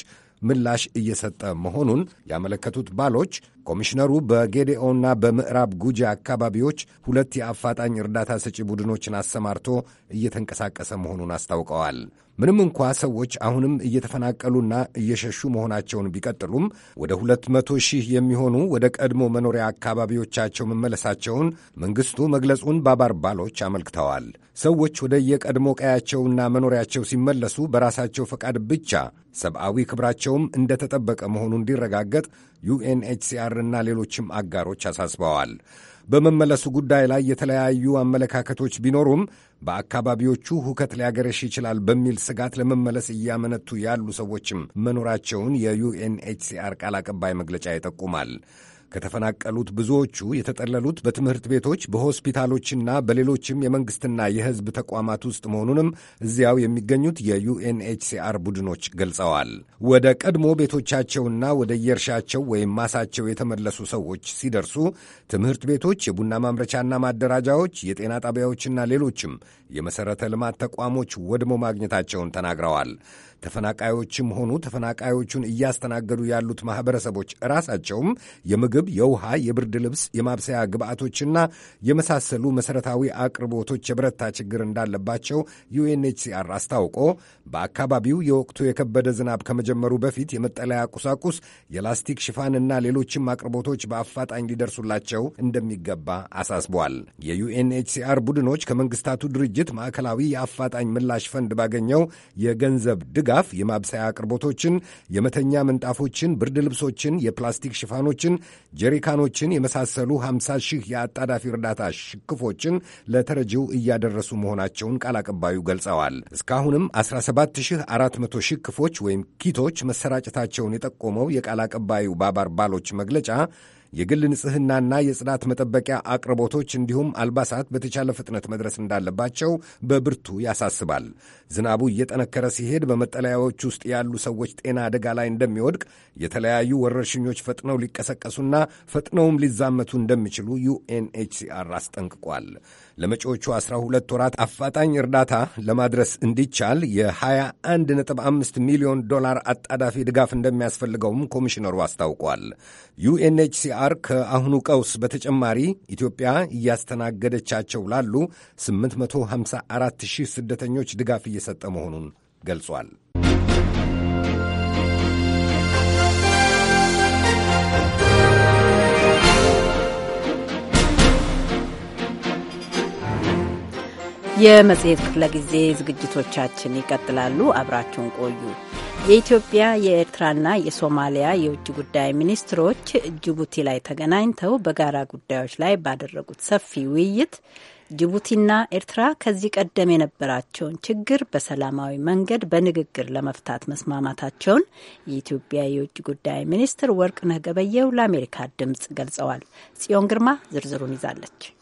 ምላሽ እየሰጠ መሆኑን ያመለከቱት ባሎች ኮሚሽነሩ በጌዴኦና በምዕራብ ጉጂ አካባቢዎች ሁለት የአፋጣኝ እርዳታ ሰጪ ቡድኖችን አሰማርቶ እየተንቀሳቀሰ መሆኑን አስታውቀዋል። ምንም እንኳ ሰዎች አሁንም እየተፈናቀሉና እየሸሹ መሆናቸውን ቢቀጥሉም ወደ ሁለት መቶ ሺህ የሚሆኑ ወደ ቀድሞ መኖሪያ አካባቢዎቻቸው መመለሳቸውን መንግሥቱ መግለጹን ባሎች አመልክተዋል። ሰዎች ወደ የቀድሞ ቀያቸውና መኖሪያቸው ሲመለሱ በራሳቸው ፈቃድ ብቻ ሰብአዊ ክብራቸውም እንደተጠበቀ መሆኑ እንዲረጋገጥ ዩኤንኤችሲአር እና ሌሎችም አጋሮች አሳስበዋል። በመመለሱ ጉዳይ ላይ የተለያዩ አመለካከቶች ቢኖሩም በአካባቢዎቹ ሁከት ሊያገረሽ ይችላል በሚል ስጋት ለመመለስ እያመነቱ ያሉ ሰዎችም መኖራቸውን የዩኤንኤችሲአር ቃል አቀባይ መግለጫ ይጠቁማል። ከተፈናቀሉት ብዙዎቹ የተጠለሉት በትምህርት ቤቶች፣ በሆስፒታሎችና በሌሎችም የመንግሥትና የሕዝብ ተቋማት ውስጥ መሆኑንም እዚያው የሚገኙት የዩኤንኤችሲአር ቡድኖች ገልጸዋል። ወደ ቀድሞ ቤቶቻቸውና ወደ የእርሻቸው ወይም ማሳቸው የተመለሱ ሰዎች ሲደርሱ ትምህርት ቤቶች፣ የቡና ማምረቻና ማደራጃዎች፣ የጤና ጣቢያዎችና ሌሎችም የመሠረተ ልማት ተቋሞች ወድሞ ማግኘታቸውን ተናግረዋል። ተፈናቃዮችም ሆኑ ተፈናቃዮቹን እያስተናገዱ ያሉት ማኅበረሰቦች ራሳቸውም የምግብ፣ የውሃ፣ የብርድ ልብስ፣ የማብሰያ ግብዓቶችና የመሳሰሉ መሠረታዊ አቅርቦቶች የበረታ ችግር እንዳለባቸው ዩኤንኤችሲአር አስታውቆ በአካባቢው የወቅቱ የከበደ ዝናብ ከመጀመሩ በፊት የመጠለያ ቁሳቁስ፣ የላስቲክ ሽፋንና ሌሎችም አቅርቦቶች በአፋጣኝ ሊደርሱላቸው እንደሚገባ አሳስቧል። የዩኤንኤችሲአር ቡድኖች ከመንግስታቱ ድርጅት ማዕከላዊ የአፋጣኝ ምላሽ ፈንድ ባገኘው የገንዘብ ድጋፍ ድጋፍ የማብሰያ አቅርቦቶችን፣ የመተኛ ምንጣፎችን፣ ብርድ ልብሶችን፣ የፕላስቲክ ሽፋኖችን፣ ጀሪካኖችን የመሳሰሉ 50 ሺህ የአጣዳፊ እርዳታ ሽክፎችን ለተረጂው እያደረሱ መሆናቸውን ቃል አቀባዩ ገልጸዋል። እስካሁንም 17400 ሽክፎች ወይም ኪቶች መሰራጨታቸውን የጠቆመው የቃል አቀባዩ ባባር ባሎች መግለጫ የግል ንጽህናና የጽዳት መጠበቂያ አቅርቦቶች እንዲሁም አልባሳት በተቻለ ፍጥነት መድረስ እንዳለባቸው በብርቱ ያሳስባል። ዝናቡ እየጠነከረ ሲሄድ በመጠለያዎች ውስጥ ያሉ ሰዎች ጤና አደጋ ላይ እንደሚወድቅ፣ የተለያዩ ወረርሽኞች ፈጥነው ሊቀሰቀሱና ፈጥነውም ሊዛመቱ እንደሚችሉ ዩኤንኤችሲአር አስጠንቅቋል። ለመጪዎቹ 12 ወራት አፋጣኝ እርዳታ ለማድረስ እንዲቻል የ21.5 ሚሊዮን ዶላር አጣዳፊ ድጋፍ እንደሚያስፈልገውም ኮሚሽነሩ አስታውቋል። ዩኤንኤችሲአር ከአሁኑ ቀውስ በተጨማሪ ኢትዮጵያ እያስተናገደቻቸው ላሉ 854 ሺህ ስደተኞች ድጋፍ እየሰጠ መሆኑን ገልጿል። የመጽሔት ክፍለ ጊዜ ዝግጅቶቻችን ይቀጥላሉ። አብራችሁን ቆዩ። የኢትዮጵያ የኤርትራና የሶማሊያ የውጭ ጉዳይ ሚኒስትሮች ጅቡቲ ላይ ተገናኝተው በጋራ ጉዳዮች ላይ ባደረጉት ሰፊ ውይይት ጅቡቲና ኤርትራ ከዚህ ቀደም የነበራቸውን ችግር በሰላማዊ መንገድ በንግግር ለመፍታት መስማማታቸውን የኢትዮጵያ የውጭ ጉዳይ ሚኒስትር ወርቅነህ ነገበየው ለአሜሪካ ድምጽ ገልጸዋል። ጽዮን ግርማ ዝርዝሩን ይዛለች።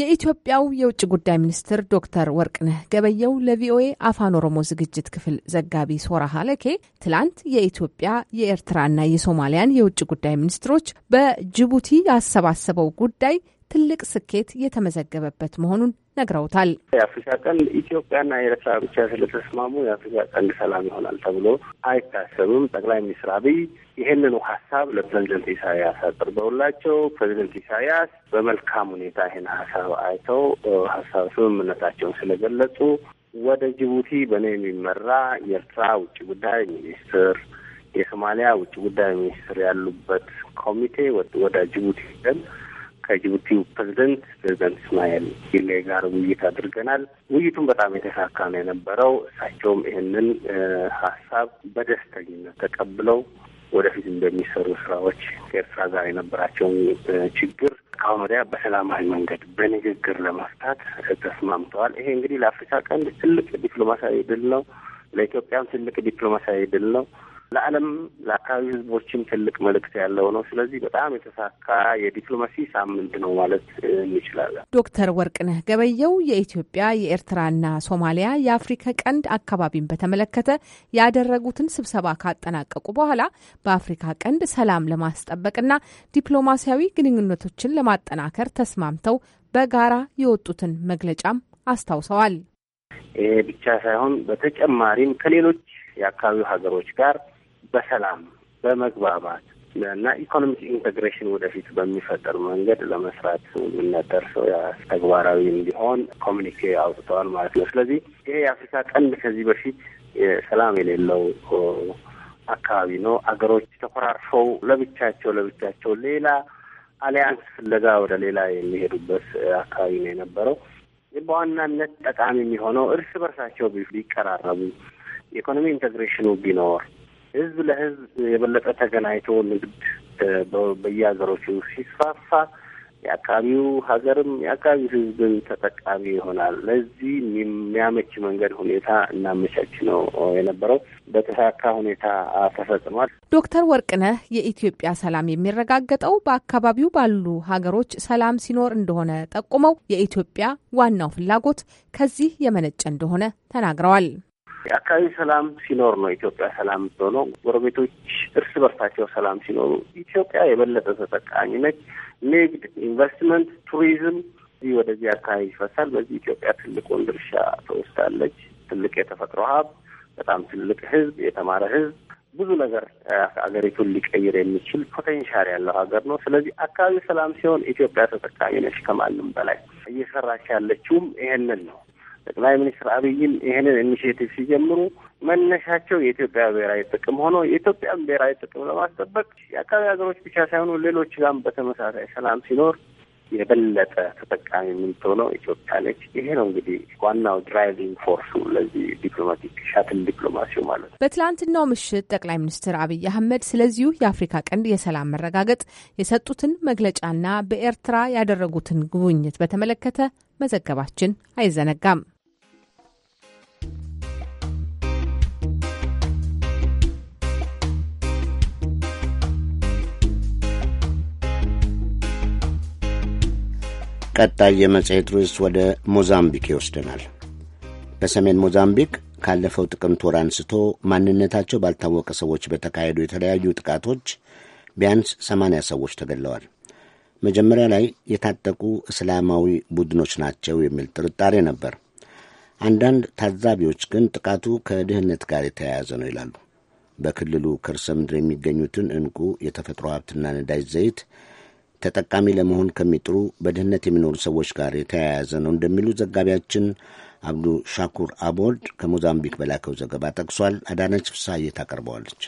የኢትዮጵያው የውጭ ጉዳይ ሚኒስትር ዶክተር ወርቅነህ ገበየው ለቪኦኤ አፋን ኦሮሞ ዝግጅት ክፍል ዘጋቢ ሶራ ሀለኬ ትላንት የኢትዮጵያ የኤርትራና የሶማሊያን የውጭ ጉዳይ ሚኒስትሮች በጅቡቲ ያሰባሰበው ጉዳይ ትልቅ ስኬት የተመዘገበበት መሆኑን ነግረውታል። የአፍሪካ ቀንድ ኢትዮጵያና ኤርትራ ብቻ ስለተስማሙ የአፍሪካ ቀንድ ሰላም ይሆናል ተብሎ አይታሰብም። ጠቅላይ ሚኒስትር አብይ ይህንኑ ሀሳብ ለፕሬዚደንት ኢሳያስ አቅርበውላቸው ፕሬዚደንት ኢሳያስ በመልካም ሁኔታ ይህን ሀሳብ አይተው ሀሳብ ስምምነታቸውን ስለገለጹ ወደ ጅቡቲ በእኔ የሚመራ የኤርትራ ውጭ ጉዳይ ሚኒስትር የሶማሊያ ውጭ ጉዳይ ሚኒስትር ያሉበት ኮሚቴ ወደ ጅቡቲ ሄደን ከጅቡቲው ፕሬዚደንት ፕሬዚደንት እስማኤል ጊሌ ጋር ውይይት አድርገናል። ውይይቱም በጣም የተሳካ ነው የነበረው። እሳቸውም ይህንን ሀሳብ በደስተኝነት ተቀብለው ወደፊት እንደሚሰሩ ስራዎች ከኤርትራ ጋር የነበራቸውን ችግር ከአሁን ወዲያ በሰላማዊ መንገድ በንግግር ለመፍታት ተስማምተዋል። ይሄ እንግዲህ ለአፍሪካ ቀንድ ትልቅ ዲፕሎማሲያዊ ድል ነው። ለኢትዮጵያም ትልቅ ዲፕሎማሲያዊ ድል ነው። ለዓለም ለአካባቢ ህዝቦችም ትልቅ መልእክት ያለው ነው። ስለዚህ በጣም የተሳካ የዲፕሎማሲ ሳምንት ነው ማለት እንችላለን። ዶክተር ወርቅነህ ገበየው የኢትዮጵያ የኤርትራና ሶማሊያ የአፍሪካ ቀንድ አካባቢን በተመለከተ ያደረጉትን ስብሰባ ካጠናቀቁ በኋላ በአፍሪካ ቀንድ ሰላም ለማስጠበቅና ዲፕሎማሲያዊ ግንኙነቶችን ለማጠናከር ተስማምተው በጋራ የወጡትን መግለጫም አስታውሰዋል። ይሄ ብቻ ሳይሆን በተጨማሪም ከሌሎች የአካባቢው ሀገሮች ጋር በሰላም በመግባባት እና ኢኮኖሚክ ኢንቴግሬሽን ወደፊት በሚፈጠር መንገድ ለመስራት የሚነደርሰው ተግባራዊ እንዲሆን ኮሚኒኬ አውጥተዋል ማለት ነው። ስለዚህ ይሄ የአፍሪካ ቀንድ ከዚህ በፊት ሰላም የሌለው አካባቢ ነው። አገሮች ተኮራርፈው ለብቻቸው ለብቻቸው ሌላ አሊያንስ ፍለጋ ወደ ሌላ የሚሄዱበት አካባቢ ነው የነበረው። በዋናነት ጠቃሚ የሚሆነው እርስ በርሳቸው ቢቀራረቡ፣ የኢኮኖሚ ኢንቴግሬሽኑ ቢኖር ህዝብ ለህዝብ የበለጠ ተገናኝቶ ንግድ በየሀገሮቹ ሲስፋፋ የአካባቢው ሀገርም የአካባቢው ህዝብም ተጠቃሚ ይሆናል። ለዚህ የሚያመች መንገድ ሁኔታ እናመቻች ነው የነበረው። በተሳካ ሁኔታ ተፈጽሟል። ዶክተር ወርቅነህ የኢትዮጵያ ሰላም የሚረጋገጠው በአካባቢው ባሉ ሀገሮች ሰላም ሲኖር እንደሆነ ጠቁመው የኢትዮጵያ ዋናው ፍላጎት ከዚህ የመነጨ እንደሆነ ተናግረዋል። የአካባቢ ሰላም ሲኖር ነው ኢትዮጵያ ሰላም የምትሆነው። ጎረቤቶች እርስ በርሳቸው ሰላም ሲኖሩ ኢትዮጵያ የበለጠ ተጠቃሚ ነች። ንግድ፣ ኢንቨስትመንት፣ ቱሪዝም ወደዚህ አካባቢ ይፈሳል። በዚህ ኢትዮጵያ ትልቁን ድርሻ ተወስዳለች። ትልቅ የተፈጥሮ ሀብት፣ በጣም ትልቅ ህዝብ፣ የተማረ ህዝብ ብዙ ነገር አገሪቱን ሊቀይር የሚችል ፖቴንሻል ያለው ሀገር ነው። ስለዚህ አካባቢ ሰላም ሲሆን ኢትዮጵያ ተጠቃሚ ነች ከማንም በላይ። እየሰራች ያለችውም ይሄንን ነው። ጠቅላይ ሚኒስትር አብይም ይህንን ኢኒሽቲቭ ሲጀምሩ መነሻቸው የኢትዮጵያ ብሔራዊ ጥቅም ሆኖ የኢትዮጵያን ብሔራዊ ጥቅም ለማስጠበቅ የአካባቢ ሀገሮች ብቻ ሳይሆኑ ሌሎች ጋም በተመሳሳይ ሰላም ሲኖር የበለጠ ተጠቃሚ የምትሆነው ኢትዮጵያ ነች። ይሄ ነው እንግዲህ ዋናው ድራይቪንግ ፎርሱ ለዚህ ዲፕሎማቲክ ሻትል ዲፕሎማሲው ማለት ነው። በትላንትናው ምሽት ጠቅላይ ሚኒስትር አብይ አህመድ ስለዚሁ የአፍሪካ ቀንድ የሰላም መረጋገጥ የሰጡትን መግለጫና በኤርትራ ያደረጉትን ጉብኝት በተመለከተ መዘገባችን አይዘነጋም። ቀጣይ የመጽሔት ርዕስ ወደ ሞዛምቢክ ይወስደናል። በሰሜን ሞዛምቢክ ካለፈው ጥቅምት ወር አንስቶ ማንነታቸው ባልታወቀ ሰዎች በተካሄዱ የተለያዩ ጥቃቶች ቢያንስ ሰማንያ ሰዎች ተገድለዋል። መጀመሪያ ላይ የታጠቁ እስላማዊ ቡድኖች ናቸው የሚል ጥርጣሬ ነበር። አንዳንድ ታዛቢዎች ግን ጥቃቱ ከድህነት ጋር የተያያዘ ነው ይላሉ። በክልሉ ከርሰ ምድር የሚገኙትን እንቁ የተፈጥሮ ሀብትና ነዳጅ ዘይት ተጠቃሚ ለመሆን ከሚጥሩ በድህነት የሚኖሩ ሰዎች ጋር የተያያዘ ነው እንደሚሉ ዘጋቢያችን አብዱ ሻኩር አቦድ ከሞዛምቢክ በላከው ዘገባ ጠቅሷል። አዳነች ፍሳዬ ታቀርበዋለች።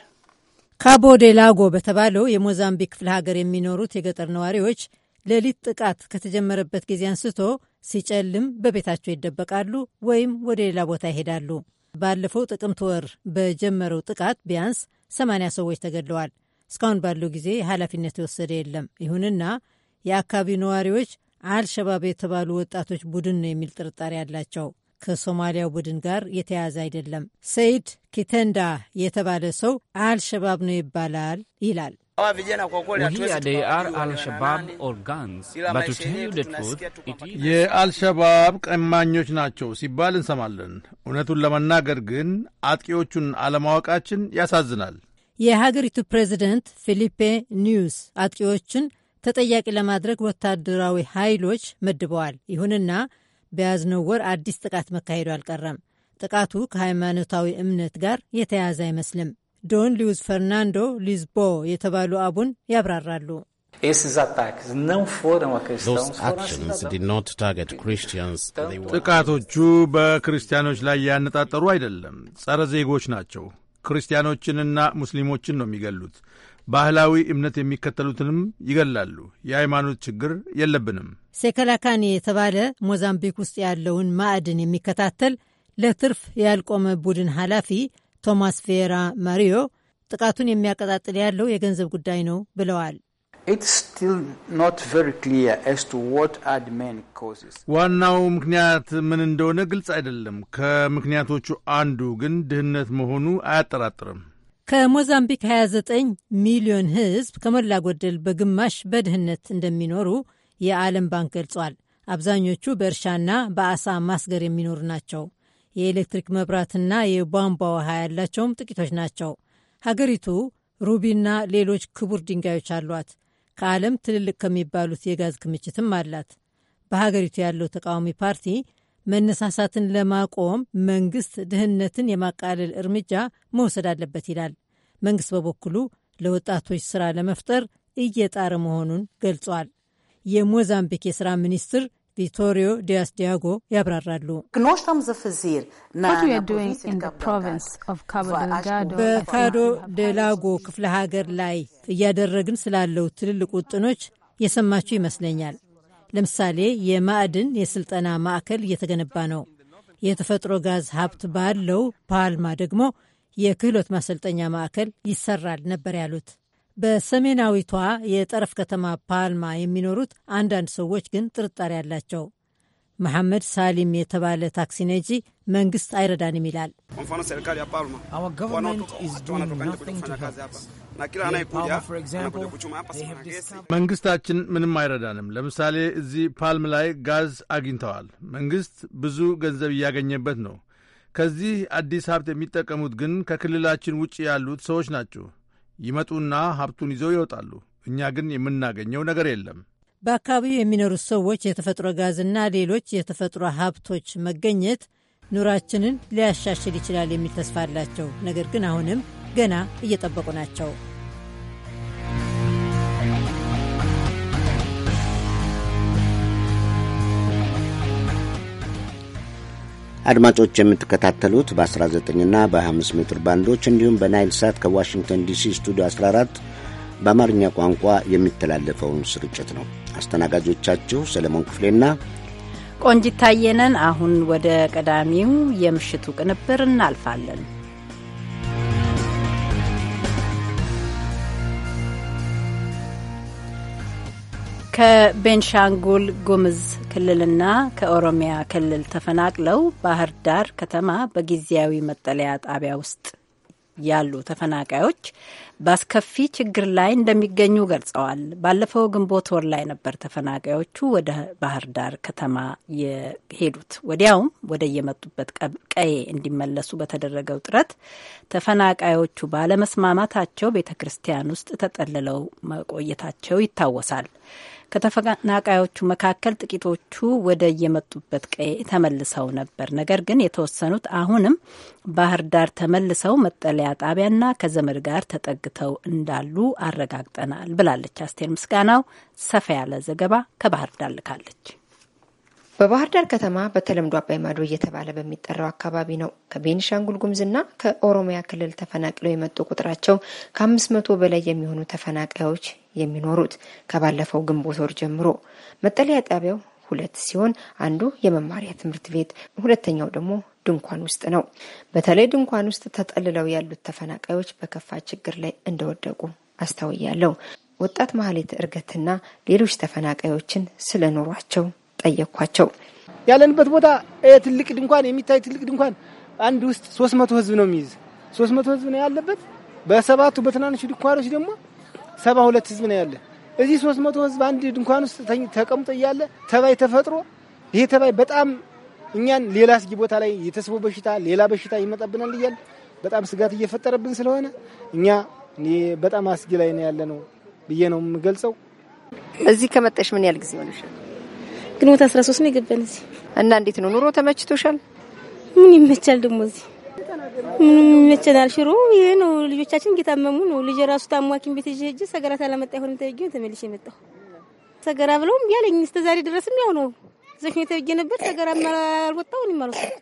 ካቦ ዴላጎ በተባለው የሞዛምቢክ ክፍለ ሀገር የሚኖሩት የገጠር ነዋሪዎች ሌሊት ጥቃት ከተጀመረበት ጊዜ አንስቶ ሲጨልም በቤታቸው ይደበቃሉ ወይም ወደ ሌላ ቦታ ይሄዳሉ። ባለፈው ጥቅምት ወር በጀመረው ጥቃት ቢያንስ 80 ሰዎች ተገድለዋል። እስካሁን ባለው ጊዜ ኃላፊነት የወሰደ የለም። ይሁንና የአካባቢው ነዋሪዎች አልሸባብ የተባሉ ወጣቶች ቡድን ነው የሚል ጥርጣሬ አላቸው። ከሶማሊያው ቡድን ጋር የተያያዘ አይደለም። ሰይድ ኪተንዳ የተባለ ሰው አልሸባብ ነው ይባላል ይላል። የአልሸባብ ቀማኞች ናቸው ሲባል እንሰማለን። እውነቱን ለመናገር ግን አጥቂዎቹን አለማወቃችን ያሳዝናል። የሀገሪቱ ፕሬዚደንት ፊሊፔ ኒውስ አጥቂዎችን ተጠያቂ ለማድረግ ወታደራዊ ኃይሎች መድበዋል። ይሁንና በያዝነው ወር አዲስ ጥቃት መካሄዱ አልቀረም። ጥቃቱ ከሃይማኖታዊ እምነት ጋር የተያያዘ አይመስልም። ዶን ሉዊዝ ፈርናንዶ ሊዝቦ የተባሉ አቡን ያብራራሉ። ጥቃቶቹ በክርስቲያኖች ላይ ያነጣጠሩ አይደለም፣ ጸረ ዜጎች ናቸው። ክርስቲያኖችንና ሙስሊሞችን ነው የሚገሉት። ባህላዊ እምነት የሚከተሉትንም ይገላሉ። የሃይማኖት ችግር የለብንም። ሴከላካኒ የተባለ ሞዛምቢክ ውስጥ ያለውን ማዕድን የሚከታተል ለትርፍ ያልቆመ ቡድን ኃላፊ ቶማስ ቬራ ማሪዮ ጥቃቱን የሚያቀጣጥል ያለው የገንዘብ ጉዳይ ነው ብለዋል። ዋናው ምክንያት ምን እንደሆነ ግልጽ አይደለም። ከምክንያቶቹ አንዱ ግን ድህነት መሆኑ አያጠራጥርም። ከሞዛምቢክ 29 ሚሊዮን ሕዝብ ከሞላ ጎደል በግማሽ በድህነት እንደሚኖሩ የዓለም ባንክ ገልጿል። አብዛኞቹ በእርሻና በአሳ ማስገር የሚኖሩ ናቸው። የኤሌክትሪክ መብራትና የቧንቧ ውሃ ያላቸውም ጥቂቶች ናቸው። ሀገሪቱ ሩቢና ሌሎች ክቡር ድንጋዮች አሏት። ከዓለም ትልልቅ ከሚባሉት የጋዝ ክምችትም አላት። በሀገሪቱ ያለው ተቃዋሚ ፓርቲ መነሳሳትን ለማቆም መንግስት ድህነትን የማቃለል እርምጃ መውሰድ አለበት ይላል። መንግስት በበኩሉ ለወጣቶች ስራ ለመፍጠር እየጣረ መሆኑን ገልጿል። የሞዛምቢክ የሥራ ሚኒስትር ቪቶሪዮ ዲያስ ዲያጎ ያብራራሉ። በካዶ ደላጎ ክፍለ ሀገር ላይ እያደረግን ስላለው ትልልቅ ውጥኖች የሰማችሁ ይመስለኛል። ለምሳሌ የማዕድን የስልጠና ማዕከል እየተገነባ ነው። የተፈጥሮ ጋዝ ሀብት ባለው ፓልማ ደግሞ የክህሎት ማሰልጠኛ ማዕከል ይሰራል ነበር ያሉት። በሰሜናዊቷ የጠረፍ ከተማ ፓልማ የሚኖሩት አንዳንድ ሰዎች ግን ጥርጣሬ አላቸው። መሐመድ ሳሊም የተባለ ታክሲ ነጂ መንግስት አይረዳንም ይላል። መንግስታችን ምንም አይረዳንም። ለምሳሌ እዚህ ፓልም ላይ ጋዝ አግኝተዋል። መንግስት ብዙ ገንዘብ እያገኘበት ነው። ከዚህ አዲስ ሀብት የሚጠቀሙት ግን ከክልላችን ውጭ ያሉት ሰዎች ናቸው። ይመጡና ሀብቱን ይዘው ይወጣሉ። እኛ ግን የምናገኘው ነገር የለም። በአካባቢው የሚኖሩት ሰዎች የተፈጥሮ ጋዝና ሌሎች የተፈጥሮ ሀብቶች መገኘት ኑራችንን ሊያሻሽል ይችላል የሚል ተስፋ አላቸው። ነገር ግን አሁንም ገና እየጠበቁ ናቸው። አድማጮች የምትከታተሉት በ 19 እና በ25 ሜትር ባንዶች እንዲሁም በናይል ሳት ከዋሽንግተን ዲሲ ስቱዲዮ 14 በአማርኛ ቋንቋ የሚተላለፈውን ስርጭት ነው። አስተናጋጆቻችሁ ሰለሞን ክፍሌና ቆንጂት ታየነን። አሁን ወደ ቀዳሚው የምሽቱ ቅንብር እናልፋለን። ከቤንሻንጉል ጉምዝ ክልልና ከኦሮሚያ ክልል ተፈናቅለው ባህር ዳር ከተማ በጊዜያዊ መጠለያ ጣቢያ ውስጥ ያሉ ተፈናቃዮች በአስከፊ ችግር ላይ እንደሚገኙ ገልጸዋል። ባለፈው ግንቦት ወር ላይ ነበር ተፈናቃዮቹ ወደ ባህር ዳር ከተማ የሄዱት። ወዲያውም ወደ የመጡበት ቀዬ እንዲመለሱ በተደረገው ጥረት ተፈናቃዮቹ ባለመስማማታቸው ቤተ ክርስቲያን ውስጥ ተጠልለው መቆየታቸው ይታወሳል። ከተፈናቃዮቹ መካከል ጥቂቶቹ ወደ የመጡበት ቀዬ ተመልሰው ነበር። ነገር ግን የተወሰኑት አሁንም ባህር ዳር ተመልሰው መጠለያ ጣቢያና ከዘመድ ጋር ተጠግተው እንዳሉ አረጋግጠናል ብላለች። አስቴር ምስጋናው ሰፋ ያለ ዘገባ ከባህር ዳር ልካለች። በባህር ዳር ከተማ በተለምዶ አባይ ማዶ እየተባለ በሚጠራው አካባቢ ነው ከቤኒሻንጉል ጉምዝና ከኦሮሚያ ክልል ተፈናቅለው የመጡ ቁጥራቸው ከአምስት መቶ በላይ የሚሆኑ ተፈናቃዮች የሚኖሩት ከባለፈው ግንቦት ወር ጀምሮ መጠለያ ጣቢያው ሁለት ሲሆን አንዱ የመማሪያ ትምህርት ቤት ሁለተኛው ደግሞ ድንኳን ውስጥ ነው። በተለይ ድንኳን ውስጥ ተጠልለው ያሉት ተፈናቃዮች በከፋ ችግር ላይ እንደወደቁ አስታውያለሁ። ወጣት መሀሌት እርገትና ሌሎች ተፈናቃዮችን ስለኖሯቸው? ጠየቅኳቸው። ያለንበት ቦታ ትልቅ ድንኳን የሚታይ ትልቅ ድንኳን አንድ ውስጥ ሶስት መቶ ህዝብ ነው የሚይዝ ሶስት መቶ ህዝብ ነው ያለበት። በሰባቱ በትናንሹ ድንኳኖች ደግሞ ሰባ ሁለት ህዝብ ነው ያለ። እዚህ ሶስት መቶ ህዝብ አንድ ድንኳን ውስጥ ተቀምጦ እያለ ተባይ ተፈጥሮ ይሄ ተባይ በጣም እኛን ሌላ አስጊ ቦታ ላይ የተስቦ በሽታ ሌላ በሽታ ይመጣብናል እያለ በጣም ስጋት እየፈጠረብን ስለሆነ እኛ በጣም አስጊ ላይ ነው ያለ ነው ብዬ ነው የምገልጸው። እዚህ ከመጣሽ ምን ያህል ጊዜ ሆነሻል? ግንቦት 13 ነው የገባን እዚህ። እና እንዴት ነው ኑሮ ተመችቶሻል? ምን ይመቻል ደግሞ እዚህ ምንም ይመቸናል። ሽሮ ይሄ ነው። ልጆቻችን እየታመሙ ነው። ልጅ ራሱ ታሞ ሐኪም ቤት ይዤ ሰገራ ታላመጣ ይሆን ተብዬ ነው ተመልሼ የመጣሁ። ሰገራ ብለውም ያለኝ እስከ ዛሬ ድረስም ያው ነው። ዘሽ ነው ተብዬ ነበር። ሰገራ አልወጣው ነው ማለት ነው።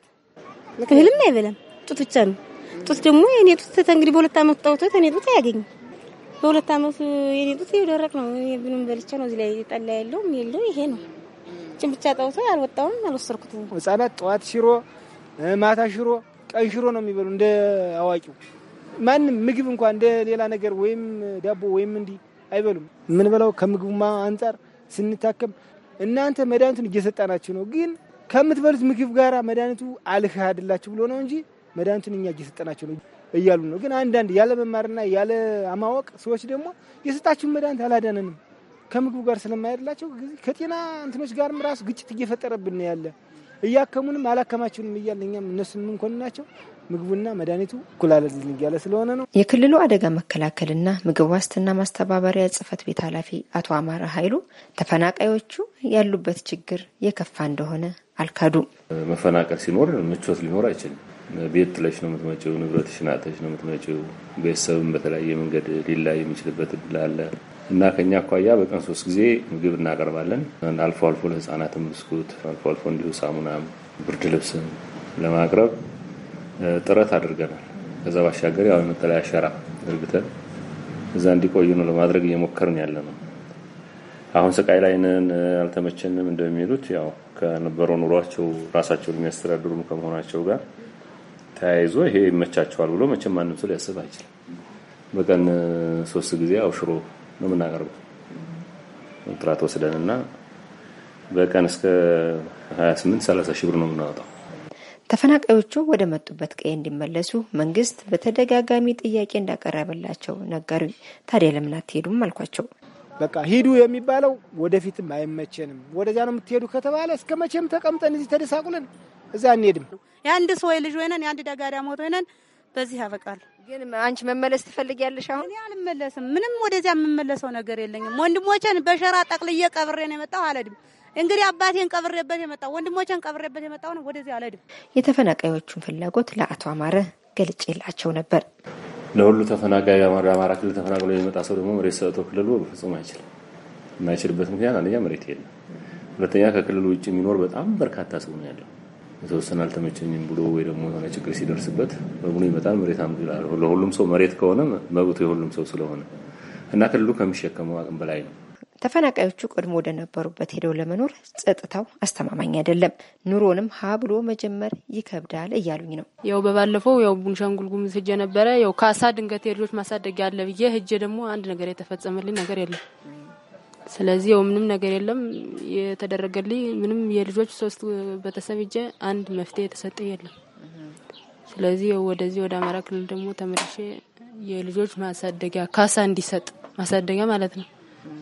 እህልም አይበላም ጡት ብቻ ነው። ጡት ደግሞ የኔ ጡት እንግዲህ በሁለት አመት ጣውቶት እኔ ጡት አያገኝም። በሁለት አመት የኔ ጡት ይደረቅ ነው። ምንም በልቻ ነው እዚህ ላይ ጠላ ያለውም የለው ይሄ ነው። እችን ብቻ ጠውቶ አልወጣውም አልወሰድኩትም። ህጻናት ጠዋት ሽሮ፣ ማታ ሽሮ፣ ቀን ሽሮ ነው የሚበሉ እንደ አዋቂው። ማንም ምግብ እንኳ እንደ ሌላ ነገር ወይም ዳቦ ወይም እንዲህ አይበሉም። የምንበላው ከምግቡማ አንጻር ስንታከም እናንተ መድኃኒቱን እየሰጣናችሁ ነው፣ ግን ከምትበሉት ምግብ ጋር መድኃኒቱ አልህ ብሎ ነው እንጂ መድኃኒቱን እኛ እየሰጠናችሁ ነው እያሉ ነው። ግን አንዳንድ ያለ መማርና ያለ አማወቅ ሰዎች ደግሞ የሰጣችሁን መድኃኒት አላዳነንም ከምግቡ ጋር ስለማይሄድላቸው ከጤና እንትኖች ጋርም ራሱ ግጭት እየፈጠረብን ያለ እያከሙንም አላከማችሁንም እያለ እኛም እነሱ ናቸው ምግቡና መድኃኒቱ እኩላለልን እያለ ስለሆነ ነው። የክልሉ አደጋ መከላከልና ምግብ ዋስትና ማስተባበሪያ ጽሕፈት ቤት ኃላፊ አቶ አማረ ኃይሉ ተፈናቃዮቹ ያሉበት ችግር የከፋ እንደሆነ አልካዱም። መፈናቀል ሲኖር ምቾት ሊኖር አይችልም። ቤት ጥለሽ ነው የምትመጪው፣ ንብረትሽን አጥተሽ ነው የምትመጪው። ቤተሰብም በተለያየ መንገድ ሊላይ የሚችልበት እድል አለ። እና ከኛ አኳያ በቀን ሶስት ጊዜ ምግብ እናቀርባለን። አልፎ አልፎ ለህፃናትም ብስኩት፣ አልፎ አልፎ እንዲሁ ሳሙናም ብርድ ልብስም ለማቅረብ ጥረት አድርገናል። ከዛ ባሻገር ያው መጠለያ ሸራ እርግተን እዛ እንዲቆዩ ነው ለማድረግ እየሞከርን ያለ ነው። አሁን ስቃይ ላይ ነን፣ አልተመቸንም እንደሚሉት ያው ከነበረው ኑሯቸው ራሳቸውን የሚያስተዳድሩም ከመሆናቸው ጋር ተያይዞ ይሄ ይመቻቸዋል ብሎ መቼም ማንም ሰው ሊያስብ አይችልም። በቀን ሶስት ጊዜ አውሽሮ ነው የምናቀርበው። ኮንትራት ወስደን እና በቀን እስከ 28 30 ሺህ ብር ነው የምናወጣው። ተፈናቃዮቹ ወደ መጡበት ቀይ እንዲመለሱ መንግስት በተደጋጋሚ ጥያቄ እንዳቀረበላቸው ነጋሪ ታዲያ ለምን አትሄዱም አልኳቸው። በቃ ሂዱ የሚባለው ወደፊትም አይመቸንም። ወደዚያ ነው የምትሄዱ ከተባለ እስከ መቼም ተቀምጠን እዚህ ተደሳቁለን እዛ አንሄድም። የአንድ ሰው ልጅ ወይነን የአንድ ደጋ ወይነን በዚህ ያበቃል። ግን አንቺ መመለስ ትፈልጊያለሽ? አሁን እኔ አልመለስም። ምንም ወደዚያ የምመለሰው ነገር የለኝም። ወንድሞቼን በሸራ ጠቅልዬ ቀብሬ ነው የመጣው። አልሄድም። እንግዲህ አባቴን ቀብሬበት የመጣው ወንድሞቼን ቀብሬበት የመጣው ነው። ወደዚያ አልሄድም። የተፈናቃዮቹን ፍላጎት ለአቶ አማረ ገልጬላቸው ነበር። ለሁሉ ተፈናቃይ አማራ ክልል ተፈናቅሎ የሚመጣ ሰው ደግሞ መሬት ሰጥቶ ክልሉ በፍጹም አይችልም። የማይችልበት ምክንያት አንደኛ መሬት የለም፣ ሁለተኛ ከክልሉ ውጭ የሚኖር በጣም በርካታ ሰው ነው ያለው የተወሰነ አልተመቸኝም ብሎ ወይ ደግሞ የሆነ ችግር ሲደርስበት በሙሉ ይመጣል። መሬት አምዱ ይላል። ለሁሉም ሰው መሬት ከሆነ መብቱ የሁሉም ሰው ስለሆነ እና ክልሉ ከሚሸከመው አቅም በላይ ነው። ተፈናቃዮቹ ቀድሞ ወደነበሩበት ሄደው ለመኖር ጸጥታው አስተማማኝ አይደለም፣ ኑሮንም ሀ ብሎ መጀመር ይከብዳል እያሉኝ ነው። ያው በባለፈው ያው ቡንሻንጉል ጉሙዝ ሄጄ ነበረ። ያው ካሳ ድንገት የልጆች ማሳደግ ያለ ብዬ ሄጄ ደግሞ አንድ ነገር የተፈጸመልኝ ነገር የለም። ስለዚህ ው ምንም ነገር የለም የተደረገልኝ ምንም የልጆች ሶስት ቤተሰብ እጀ አንድ መፍትሄ የተሰጠ የለም። ስለዚህ ወደዚህ ወደ አማራ ክልል ደግሞ ተመልሼ የልጆች ማሳደጊያ ካሳ እንዲሰጥ ማሳደጊያ ማለት ነው።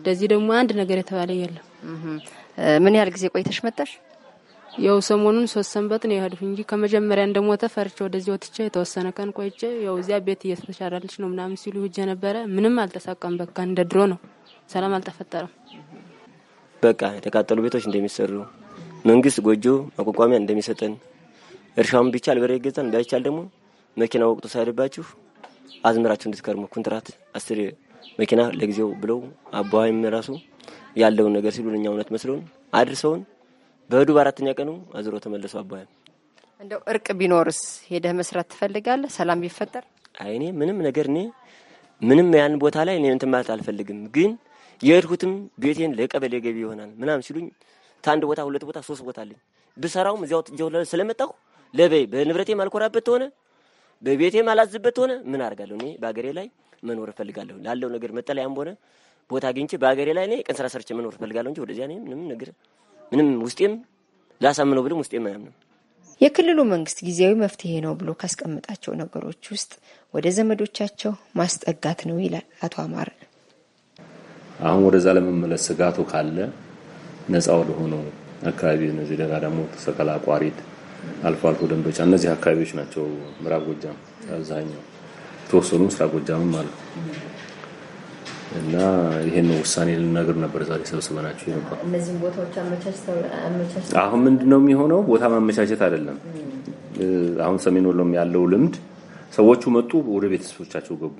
ለዚህ ደግሞ አንድ ነገር የተባለ የለም። ምን ያህል ጊዜ ቆይተሽ መጣሽ? ያው ሰሞኑን ሶስት ሰንበት ነው የሄድኩ እንጂ ከመጀመሪያ እንደሞተ ፈርቼ ወደዚህ ወጥቼ የተወሰነ ቀን ቆይቼ ያው እዚያ ቤት እየተሻራለች ነው ምናምን ሲሉ ሂጄ ነበረ። ምንም አልተሳቀም። በቃ እንደ ድሮ ነው። ሰላም አልተፈጠረም። በቃ የተቃጠሉ ቤቶች እንደሚሰሩ መንግስት ጎጆ መቋቋሚያ እንደሚሰጠን እርሻውን ቢቻል በሬ ገዛን ባይቻል ደግሞ መኪና ወቅቶ ሳይደባችሁ አዝምራችሁ እንድትከርሙ ኩንትራት አስር መኪና ለጊዜው ብለው አባዋ የሚራሱ ያለውን ነገር ሲሉ ለኛ እውነት መስሎን አድርሰውን በህዱ በአራተኛ ቀኑ አዝሮ ተመለሱ። አባዋ። እንደው እርቅ ቢኖርስ ሄደህ መስራት ትፈልጋለህ? ሰላም ቢፈጠር አይኔ ምንም ነገር እኔ ምንም ያን ቦታ ላይ እኔ እንትን ማለት አልፈልግም ግን የሄድኩትም ቤቴን ለቀበሌ ገቢ ይሆናል ምናምን ሲሉኝ ታንድ ቦታ ሁለት ቦታ ሶስት ቦታ አለኝ ብሰራውም እዚያው ጥጃው ስለመጣሁ ለበይ በንብረቴ ማልኮራበት ሆነ በቤቴም አላዝበት ሆነ ምን አርጋለሁ እኔ በአገሬ ላይ መኖር እፈልጋለሁ። ላለው ነገር መጠለያም ሆነ ቦታ አግኝቼ በአገሬ ላይ እኔ ቀን ስራ ሰርቼ መኖር እፈልጋለሁ እንጂ ወደዚያ እኔ ምንም ነገር ምንም ውስጤም ላሳምነው ብልም ውስጤም አያምንም። የክልሉ መንግስት ጊዜያዊ መፍትሄ ነው ብሎ ካስቀመጣቸው ነገሮች ውስጥ ወደ ዘመዶቻቸው ማስጠጋት ነው ይላል አቶ አማረ። አሁን ወደዛ ለመመለስ ስጋቱ ካለ ነፃ ወደሆነው አካባቢ እነዚህ ደጋ ዳሞት፣ ሰከላ፣ ቋሪት፣ አልፎ አልፎ ደንበጫ እነዚህ አካባቢዎች ናቸው። ምዕራብ ጎጃም አብዛኛው የተወሰኑ ምስራቅ ጎጃምም አሉ እና ይሄን ውሳኔ ልነግር ነበር ዛሬ ሰብስበናቸው የነበረው። እነዚህም ቦታዎች አመቻችተው አሁን ምንድነው የሚሆነው? ቦታ ማመቻቸት አይደለም። አሁን ሰሜን ወሎም ያለው ልምድ ሰዎቹ መጡ፣ ወደ ቤተሰቦቻቸው ገቡ።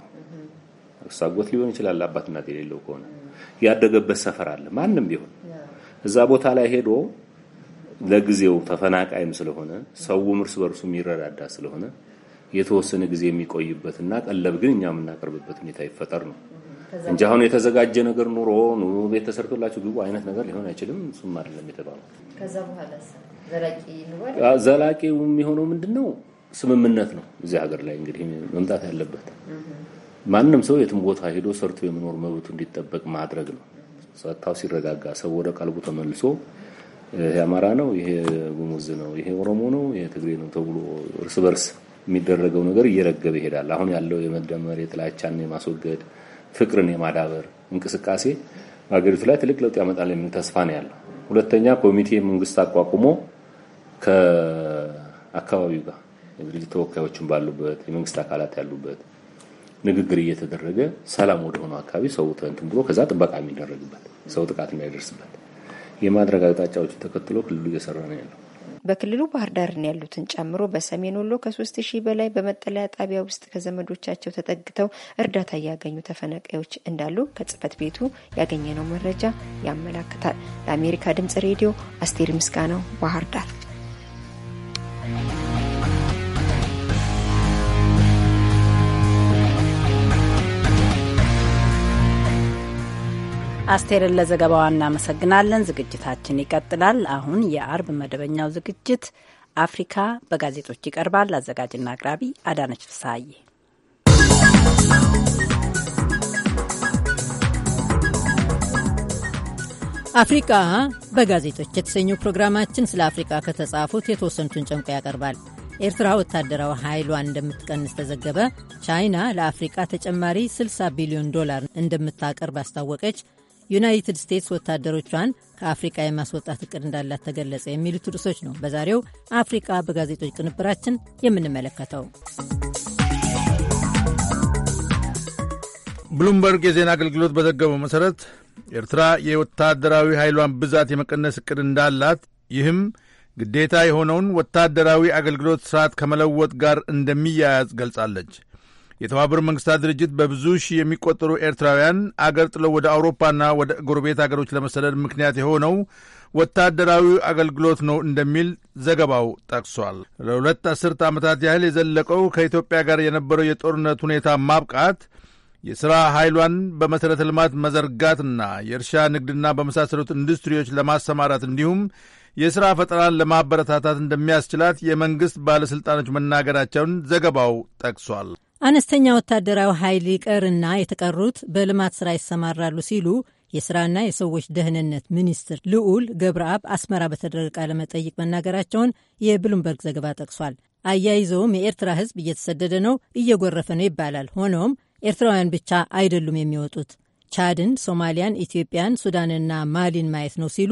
እሳጎት ሊሆን ይችላል አባት እናት የሌለው ከሆነ ያደገበት ሰፈር አለ። ማንም ቢሆን እዛ ቦታ ላይ ሄዶ ለጊዜው ተፈናቃይም ስለሆነ ሰውም እርስ በርሱ የሚረዳዳ ስለሆነ የተወሰነ ጊዜ የሚቆይበትና ቀለብ ግን እኛ የምናቀርብበት ሁኔታ ይፈጠር ነው እንጂ አሁን የተዘጋጀ ነገር ኑሮ ኑ ቤት ተሰርቶላችሁ ግቡ አይነት ነገር ሊሆን አይችልም። እሱም አይደለም የተባለው። ከዛ በኋላ ዘላቂ ኑሮ ዘላቂው የሚሆነው ምንድነው? ስምምነት ነው። እዚህ ሀገር ላይ እንግዲህ መምጣት ያለበት ማንም ሰው የትም ቦታ ሄዶ ሰርቶ የመኖር መብቱ እንዲጠበቅ ማድረግ ነው። ጸጥታው ሲረጋጋ ሰው ወደ ቀልቡ ተመልሶ ይሄ አማራ ነው፣ ይሄ ጉሙዝ ነው፣ ይሄ ኦሮሞ ነው፣ ይሄ ትግሬ ነው ተብሎ እርስ በርስ የሚደረገው ነገር እየረገበ ይሄዳል። አሁን ያለው የመደመር የጥላቻን የማስወገድ ፍቅርን የማዳበር እንቅስቃሴ በሀገሪቱ ላይ ትልቅ ለውጥ ያመጣል የሚል ተስፋ ነው ያለው። ሁለተኛ ኮሚቴ መንግስት አቋቁሞ ከአካባቢው ጋር የድርጅት ተወካዮችን ባሉበት የመንግስት አካላት ያሉበት ንግግር እየተደረገ ሰላም ወደ ሆነው አካባቢ ሰው እንትን ብሎ ከዛ ጥበቃ የሚደረግበት ሰው ጥቃት እንዳይደርስበት የማድረግ አቅጣጫዎች ተከትሎ ክልሉ እየሰራ ነው ያለው። በክልሉ ባህር ዳርን ያሉትን ጨምሮ በሰሜን ወሎ ከሶስት ሺህ በላይ በመጠለያ ጣቢያ ውስጥ ከዘመዶቻቸው ተጠግተው እርዳታ እያገኙ ተፈናቃዮች እንዳሉ ከጽህፈት ቤቱ ያገኘነው መረጃ ያመላክታል። ለአሜሪካ ድምጽ ሬዲዮ አስቴር ምስጋናው ባህር ዳር። አስቴርን ለዘገባዋ እናመሰግናለን። ዝግጅታችን ይቀጥላል። አሁን የአርብ መደበኛው ዝግጅት አፍሪካ በጋዜጦች ይቀርባል። አዘጋጅና አቅራቢ አዳነች ፍሳዬ። አፍሪቃ በጋዜጦች የተሰኘው ፕሮግራማችን ስለ አፍሪቃ ከተጻፉት የተወሰኑትን ጨምቆ ያቀርባል። ኤርትራ ወታደራዊ ኃይሏን እንደምትቀንስ ተዘገበ፣ ቻይና ለአፍሪቃ ተጨማሪ 60 ቢሊዮን ዶላር እንደምታቀርብ አስታወቀች፣ ዩናይትድ ስቴትስ ወታደሮቿን ከአፍሪቃ የማስወጣት እቅድ እንዳላት ተገለጸ የሚሉት ርዕሶች ነው በዛሬው አፍሪቃ በጋዜጦች ቅንብራችን የምንመለከተው። ብሉምበርግ የዜና አገልግሎት በዘገበው መሠረት ኤርትራ የወታደራዊ ኃይሏን ብዛት የመቀነስ እቅድ እንዳላት ይህም ግዴታ የሆነውን ወታደራዊ አገልግሎት ሥርዓት ከመለወጥ ጋር እንደሚያያዝ ገልጻለች። የተባበሩት መንግስታት ድርጅት በብዙ ሺህ የሚቆጠሩ ኤርትራውያን አገር ጥለው ወደ አውሮፓና ወደ ጎረቤት አገሮች ለመሰደድ ምክንያት የሆነው ወታደራዊ አገልግሎት ነው እንደሚል ዘገባው ጠቅሷል። ለሁለት አስርት ዓመታት ያህል የዘለቀው ከኢትዮጵያ ጋር የነበረው የጦርነት ሁኔታ ማብቃት የሥራ ኃይሏን በመሠረተ ልማት መዘርጋትና የእርሻ ንግድና በመሳሰሉት ኢንዱስትሪዎች ለማሰማራት እንዲሁም የሥራ ፈጠራን ለማበረታታት እንደሚያስችላት የመንግሥት ባለሥልጣኖች መናገራቸውን ዘገባው ጠቅሷል። አነስተኛ ወታደራዊ ኃይል ይቀርና የተቀሩት በልማት ስራ ይሰማራሉ ሲሉ የስራና የሰዎች ደህንነት ሚኒስትር ልዑል ገብረአብ አስመራ በተደረገ መጠይቅ መናገራቸውን የብሉምበርግ ዘገባ ጠቅሷል። አያይዘውም የኤርትራ ሕዝብ እየተሰደደ ነው፣ እየጎረፈ ነው ይባላል። ሆኖም ኤርትራውያን ብቻ አይደሉም የሚወጡት ቻድን፣ ሶማሊያን፣ ኢትዮጵያን፣ ሱዳንና ማሊን ማየት ነው ሲሉ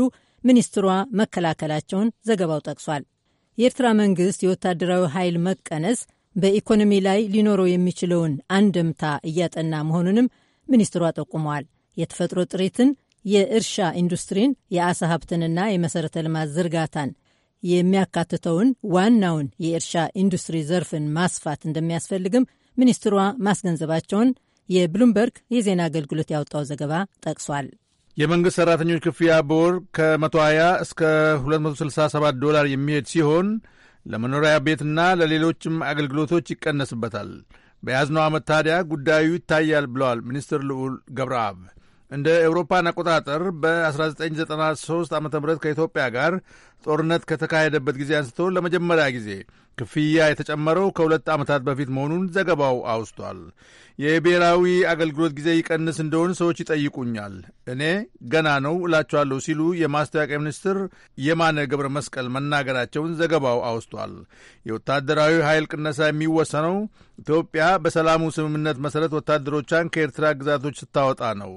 ሚኒስትሯ መከላከላቸውን ዘገባው ጠቅሷል። የኤርትራ መንግስት የወታደራዊ ኃይል መቀነስ በኢኮኖሚ ላይ ሊኖረው የሚችለውን አንድምታ እያጠና መሆኑንም ሚኒስትሯ ጠቁመዋል። የተፈጥሮ ጥሪትን፣ የእርሻ ኢንዱስትሪን፣ የአሳ ሀብትንና የመሠረተ ልማት ዝርጋታን የሚያካትተውን ዋናውን የእርሻ ኢንዱስትሪ ዘርፍን ማስፋት እንደሚያስፈልግም ሚኒስትሯ ማስገንዘባቸውን የብሉምበርግ የዜና አገልግሎት ያወጣው ዘገባ ጠቅሷል። የመንግሥት ሠራተኞች ክፍያ በወር ከ120 እስከ 267 ዶላር የሚሄድ ሲሆን ለመኖሪያ ቤትና ለሌሎችም አገልግሎቶች ይቀነስበታል። በያዝነው ዓመት ታዲያ ጉዳዩ ይታያል ብለዋል ሚኒስትር ልዑል ገብረአብ። እንደ ኤውሮፓን አቆጣጠር በ1993 ዓ ም ከኢትዮጵያ ጋር ጦርነት ከተካሄደበት ጊዜ አንስቶ ለመጀመሪያ ጊዜ ክፍያ የተጨመረው ከሁለት ዓመታት በፊት መሆኑን ዘገባው አውስቷል። የብሔራዊ አገልግሎት ጊዜ ይቀንስ እንደሆን ሰዎች ይጠይቁኛል። እኔ ገና ነው እላቸዋለሁ ሲሉ የማስታወቂያ ሚኒስትር የማነ ገብረ መስቀል መናገራቸውን ዘገባው አውስቷል። የወታደራዊ ኃይል ቅነሳ የሚወሰነው ኢትዮጵያ በሰላሙ ስምምነት መሠረት ወታደሮቿን ከኤርትራ ግዛቶች ስታወጣ ነው።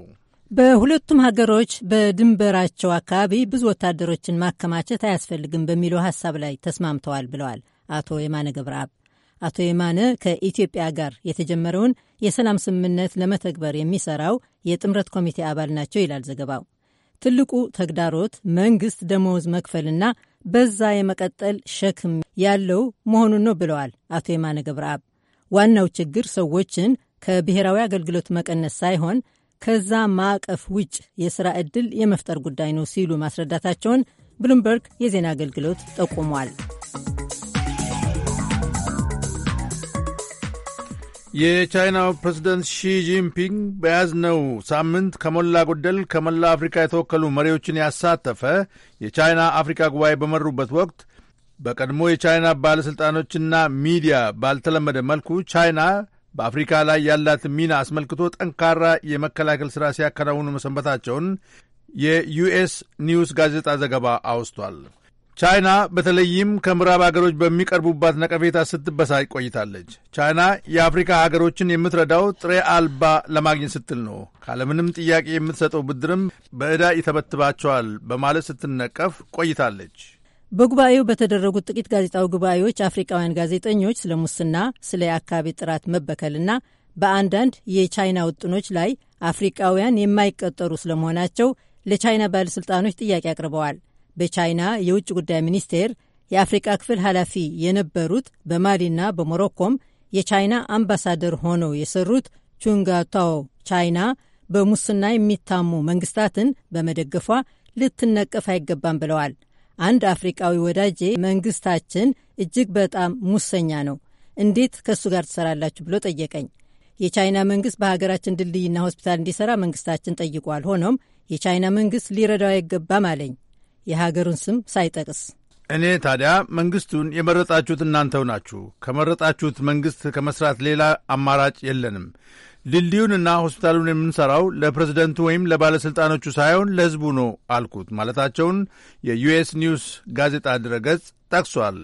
በሁለቱም ሀገሮች በድንበራቸው አካባቢ ብዙ ወታደሮችን ማከማቸት አያስፈልግም በሚለው ሀሳብ ላይ ተስማምተዋል ብለዋል አቶ የማነ ገብረአብ። አቶ የማነ ከኢትዮጵያ ጋር የተጀመረውን የሰላም ስምምነት ለመተግበር የሚሰራው የጥምረት ኮሚቴ አባል ናቸው ይላል ዘገባው። ትልቁ ተግዳሮት መንግስት ደመወዝ መክፈልና በዛ የመቀጠል ሸክም ያለው መሆኑን ነው ብለዋል አቶ የማነ ገብረአብ። ዋናው ችግር ሰዎችን ከብሔራዊ አገልግሎት መቀነስ ሳይሆን ከዛ ማዕቀፍ ውጭ የሥራ ዕድል የመፍጠር ጉዳይ ነው ሲሉ ማስረዳታቸውን ብሉምበርግ የዜና አገልግሎት ጠቁሟል። የቻይናው ፕሬዚደንት ሺ ጂንፒንግ በያዝነው ሳምንት ከሞላ ጎደል ከመላ አፍሪካ የተወከሉ መሪዎችን ያሳተፈ የቻይና አፍሪካ ጉባኤ በመሩበት ወቅት በቀድሞ የቻይና ባለሥልጣኖችና ሚዲያ ባልተለመደ መልኩ ቻይና በአፍሪካ ላይ ያላትን ሚና አስመልክቶ ጠንካራ የመከላከል ሥራ ሲያከናውኑ መሰንበታቸውን የዩኤስ ኒውስ ጋዜጣ ዘገባ አውስቷል። ቻይና በተለይም ከምዕራብ አገሮች በሚቀርቡባት ነቀፌታ ስትበሳጭ ቆይታለች። ቻይና የአፍሪካ ሀገሮችን የምትረዳው ጥሬ አልባ ለማግኘት ስትል ነው፣ ካለምንም ጥያቄ የምትሰጠው ብድርም በዕዳ ይተበትባቸዋል በማለት ስትነቀፍ ቆይታለች። በጉባኤው በተደረጉት ጥቂት ጋዜጣዊ ጉባኤዎች አፍሪካውያን ጋዜጠኞች ስለ ሙስና፣ ስለ የአካባቢ ጥራት መበከልና በአንዳንድ የቻይና ውጥኖች ላይ አፍሪካውያን የማይቀጠሩ ስለመሆናቸው ለቻይና ባለሥልጣኖች ጥያቄ አቅርበዋል። በቻይና የውጭ ጉዳይ ሚኒስቴር የአፍሪቃ ክፍል ኃላፊ የነበሩት በማሊና በሞሮኮም የቻይና አምባሳደር ሆነው የሰሩት ቹንጋታዎ ቻይና በሙስና የሚታሙ መንግስታትን በመደገፏ ልትነቀፍ አይገባም ብለዋል። አንድ አፍሪቃዊ ወዳጄ መንግስታችን እጅግ በጣም ሙሰኛ ነው፣ እንዴት ከእሱ ጋር ትሰራላችሁ ብሎ ጠየቀኝ። የቻይና መንግስት በሀገራችን ድልድይና ሆስፒታል እንዲሰራ መንግስታችን ጠይቋል። ሆኖም የቻይና መንግስት ሊረዳው አይገባም አለኝ፣ የሀገሩን ስም ሳይጠቅስ። እኔ ታዲያ መንግስቱን የመረጣችሁት እናንተው ናችሁ። ከመረጣችሁት መንግስት ከመስራት ሌላ አማራጭ የለንም። ድልድዩንና ሆስፒታሉን የምንሠራው ለፕሬዝደንቱ ወይም ለባለሥልጣኖቹ ሳይሆን ለሕዝቡ ነው አልኩት ማለታቸውን የዩኤስ ኒውስ ጋዜጣ ድረገጽ ጠቅሷል።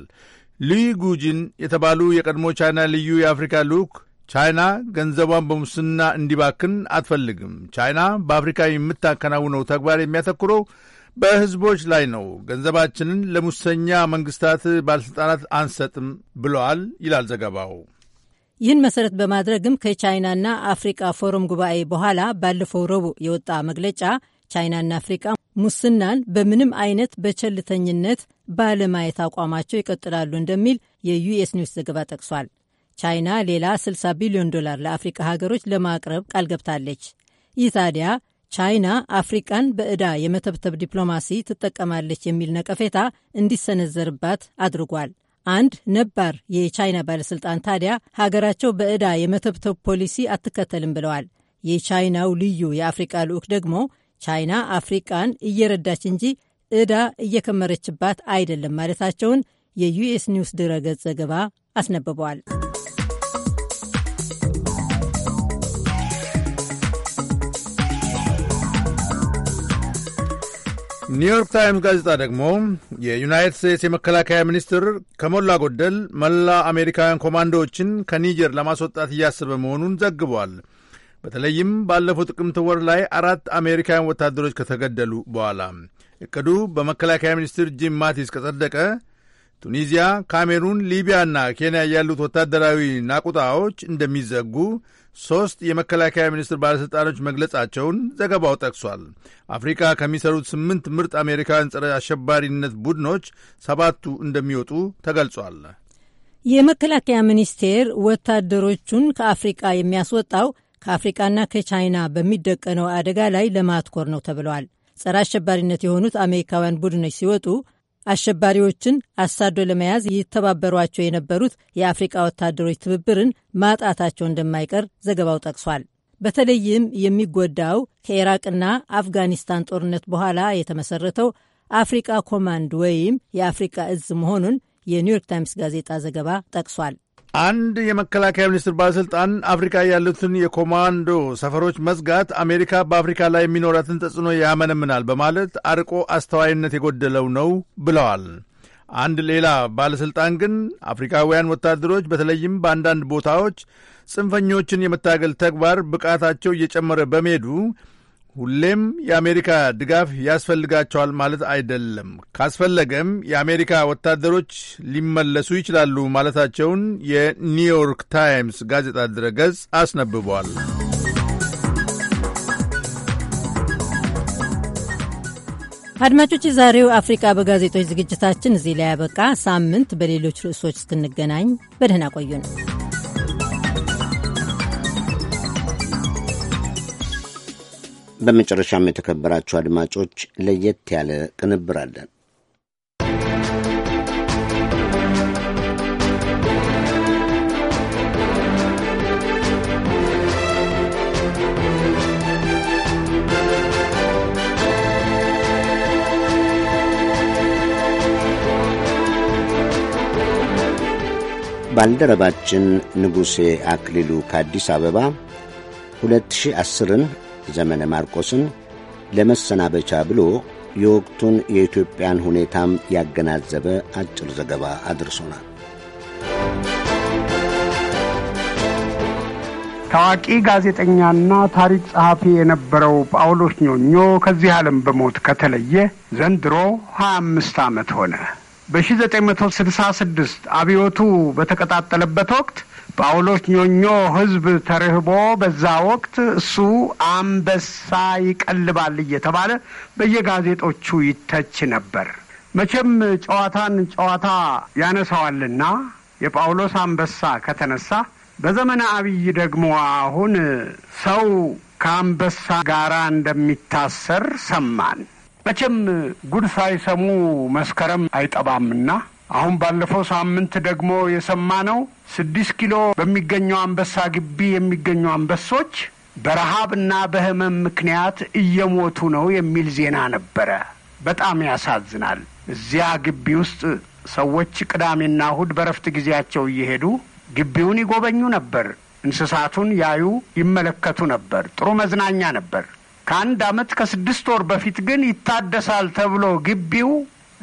ሉይ ጉጂን የተባሉ የቀድሞ ቻይና ልዩ የአፍሪካ ልዑክ ቻይና ገንዘቧን በሙስና እንዲባክን አትፈልግም፣ ቻይና በአፍሪካ የምታከናውነው ተግባር የሚያተኩረው በሕዝቦች ላይ ነው፣ ገንዘባችንን ለሙሰኛ መንግሥታት ባለሥልጣናት አንሰጥም ብለዋል ይላል ዘገባው። ይህን መሰረት በማድረግም ከቻይናና አፍሪቃ ፎረም ጉባኤ በኋላ ባለፈው ረቡዕ የወጣ መግለጫ ቻይናና አፍሪቃ ሙስናን በምንም አይነት በቸልተኝነት ባለማየት አቋማቸው ይቀጥላሉ እንደሚል የዩኤስ ኒውስ ዘገባ ጠቅሷል። ቻይና ሌላ 60 ቢሊዮን ዶላር ለአፍሪቃ ሀገሮች ለማቅረብ ቃል ገብታለች። ይህ ታዲያ ቻይና አፍሪቃን በዕዳ የመተብተብ ዲፕሎማሲ ትጠቀማለች የሚል ነቀፌታ እንዲሰነዘርባት አድርጓል። አንድ ነባር የቻይና ባለሥልጣን ታዲያ ሀገራቸው በዕዳ የመተብተብ ፖሊሲ አትከተልም ብለዋል። የቻይናው ልዩ የአፍሪቃ ልዑክ ደግሞ ቻይና አፍሪቃን እየረዳች እንጂ ዕዳ እየከመረችባት አይደለም ማለታቸውን የዩኤስ ኒውስ ድረገጽ ዘገባ አስነብበዋል። ኒውዮርክ ታይምስ ጋዜጣ ደግሞ የዩናይትድ ስቴትስ የመከላከያ ሚኒስትር ከሞላ ጎደል መላ አሜሪካውያን ኮማንዶዎችን ከኒጀር ለማስወጣት እያሰበ መሆኑን ዘግቧል። በተለይም ባለፈው ጥቅምት ወር ላይ አራት አሜሪካውያን ወታደሮች ከተገደሉ በኋላ እቅዱ በመከላከያ ሚኒስትር ጂም ማቲስ ከጸደቀ ቱኒዚያ፣ ካሜሩን፣ ሊቢያና ኬንያ ያሉት ወታደራዊ ናቁጣዎች እንደሚዘጉ ሦስት የመከላከያ ሚኒስትር ባለሥልጣኖች መግለጻቸውን ዘገባው ጠቅሷል። አፍሪካ ከሚሰሩት ስምንት ምርጥ አሜሪካውያን ጸረ አሸባሪነት ቡድኖች ሰባቱ እንደሚወጡ ተገልጿል። የመከላከያ ሚኒስቴር ወታደሮቹን ከአፍሪቃ የሚያስወጣው ከአፍሪቃና ከቻይና በሚደቀነው አደጋ ላይ ለማትኮር ነው ተብለዋል። ጸረ አሸባሪነት የሆኑት አሜሪካውያን ቡድኖች ሲወጡ አሸባሪዎችን አሳዶ ለመያዝ ይተባበሯቸው የነበሩት የአፍሪቃ ወታደሮች ትብብርን ማጣታቸው እንደማይቀር ዘገባው ጠቅሷል። በተለይም የሚጎዳው ከኢራቅና አፍጋኒስታን ጦርነት በኋላ የተመሰረተው አፍሪቃ ኮማንድ ወይም የአፍሪቃ እዝ መሆኑን የኒውዮርክ ታይምስ ጋዜጣ ዘገባ ጠቅሷል። አንድ የመከላከያ ሚኒስትር ባለሥልጣን አፍሪካ ያሉትን የኮማንዶ ሰፈሮች መዝጋት አሜሪካ በአፍሪካ ላይ የሚኖራትን ተጽዕኖ ያመነምናል በማለት አርቆ አስተዋይነት የጎደለው ነው ብለዋል። አንድ ሌላ ባለሥልጣን ግን አፍሪካውያን ወታደሮች በተለይም በአንዳንድ ቦታዎች ጽንፈኞችን የመታገል ተግባር ብቃታቸው እየጨመረ በመሄዱ ሁሌም የአሜሪካ ድጋፍ ያስፈልጋቸዋል ማለት አይደለም። ካስፈለገም የአሜሪካ ወታደሮች ሊመለሱ ይችላሉ ማለታቸውን የኒውዮርክ ታይምስ ጋዜጣ ድረገጽ አስነብቧል። አድማጮች፣ የዛሬው አፍሪቃ በጋዜጦች ዝግጅታችን እዚህ ላይ ያበቃ። ሳምንት በሌሎች ርዕሶች እስክንገናኝ በደህና ቆዩ ነው። በመጨረሻም የተከበራችሁ አድማጮች ለየት ያለ ቅንብር አለን። ባልደረባችን ንጉሴ አክሊሉ ከአዲስ አበባ 2010ን ዘመነ ማርቆስን ለመሰናበቻ ብሎ የወቅቱን የኢትዮጵያን ሁኔታም ያገናዘበ አጭር ዘገባ አድርሶናል። ታዋቂ ጋዜጠኛና ታሪክ ጸሐፊ የነበረው ጳውሎስ ኞኞ ከዚህ ዓለም በሞት ከተለየ ዘንድሮ 25 ዓመት ሆነ። በሺ በ1966 አብዮቱ በተቀጣጠለበት ወቅት ጳውሎስ ኞኞ ህዝብ ተርህቦ በዛ ወቅት እሱ አንበሳ ይቀልባል እየተባለ በየጋዜጦቹ ይተች ነበር። መቼም ጨዋታን ጨዋታ ያነሳዋልና የጳውሎስ አንበሳ ከተነሳ በዘመነ አብይ ደግሞ አሁን ሰው ከአንበሳ ጋር እንደሚታሰር ሰማን። መቼም ጉድ ሳይሰሙ መስከረም አይጠባምና አሁን ባለፈው ሳምንት ደግሞ የሰማ ነው። ስድስት ኪሎ በሚገኘው አንበሳ ግቢ የሚገኙ አንበሶች በረሃብና በህመም ምክንያት እየሞቱ ነው የሚል ዜና ነበረ። በጣም ያሳዝናል። እዚያ ግቢ ውስጥ ሰዎች ቅዳሜና እሁድ በረፍት ጊዜያቸው እየሄዱ ግቢውን ይጎበኙ ነበር። እንስሳቱን ያዩ ይመለከቱ ነበር። ጥሩ መዝናኛ ነበር። ከአንድ ዓመት ከስድስት ወር በፊት ግን ይታደሳል ተብሎ ግቢው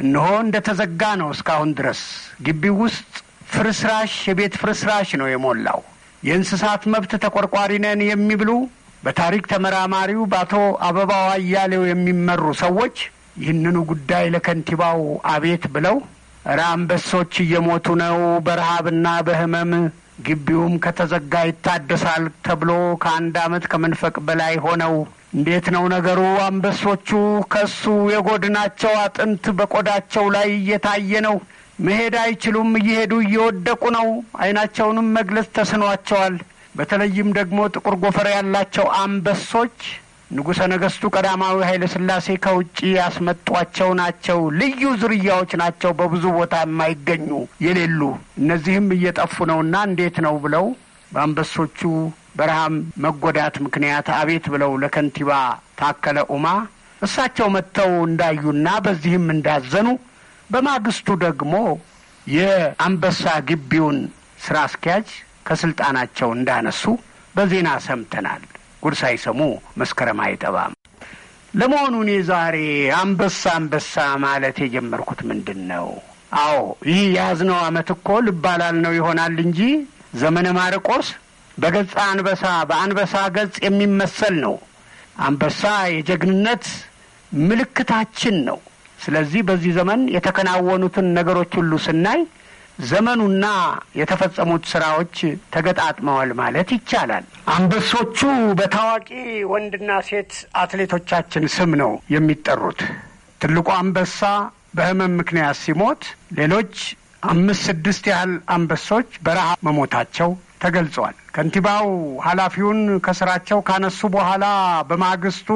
እነሆ እንደ ተዘጋ ነው። እስካሁን ድረስ ግቢው ውስጥ ፍርስራሽ የቤት ፍርስራሽ ነው የሞላው። የእንስሳት መብት ተቆርቋሪ ነን የሚብሉ በታሪክ ተመራማሪው በአቶ አበባው አያሌው የሚመሩ ሰዎች ይህንኑ ጉዳይ ለከንቲባው አቤት ብለው እረ አንበሶች እየሞቱ ነው በረሃብና በህመም ። ግቢውም ከተዘጋ ይታደሳል ተብሎ ከአንድ አመት ከመንፈቅ በላይ ሆነው እንዴት ነው ነገሩ? አንበሶቹ ከሱ የጎድናቸው አጥንት በቆዳቸው ላይ እየታየ ነው። መሄድ አይችሉም። እየሄዱ እየወደቁ ነው። አይናቸውንም መግለጽ ተስኗቸዋል። በተለይም ደግሞ ጥቁር ጎፈር ያላቸው አንበሶች ንጉሠ ነገሥቱ ቀዳማዊ ኃይለ ሥላሴ ከውጭ ያስመጧቸው ናቸው። ልዩ ዝርያዎች ናቸው፣ በብዙ ቦታ የማይገኙ የሌሉ። እነዚህም እየጠፉ ነውና እንዴት ነው ብለው በአንበሶቹ በረሃም መጎዳት ምክንያት አቤት ብለው ለከንቲባ ታከለ ኡማ እሳቸው መጥተው እንዳዩና በዚህም እንዳዘኑ በማግስቱ ደግሞ የአንበሳ ግቢውን ስራ አስኪያጅ ከስልጣናቸው እንዳነሱ በዜና ሰምተናል። ጉድ ሳይሰሙ መስከረም አይጠባም። ለመሆኑ እኔ ዛሬ አንበሳ አንበሳ ማለት የጀመርኩት ምንድን ነው? አዎ ይህ የያዝነው ዓመት እኮ ልባላል ነው ይሆናል እንጂ ዘመነ ማርቆስ በገጸ አንበሳ በአንበሳ ገጽ የሚመሰል ነው። አንበሳ የጀግንነት ምልክታችን ነው። ስለዚህ በዚህ ዘመን የተከናወኑትን ነገሮች ሁሉ ስናይ ዘመኑና የተፈጸሙት ስራዎች ተገጣጥመዋል ማለት ይቻላል። አንበሶቹ በታዋቂ ወንድና ሴት አትሌቶቻችን ስም ነው የሚጠሩት። ትልቁ አንበሳ በህመም ምክንያት ሲሞት ሌሎች አምስት ስድስት ያህል አንበሶች በረሃ መሞታቸው ተገልጿል። ከንቲባው ኃላፊውን ከስራቸው ካነሱ በኋላ በማግስቱ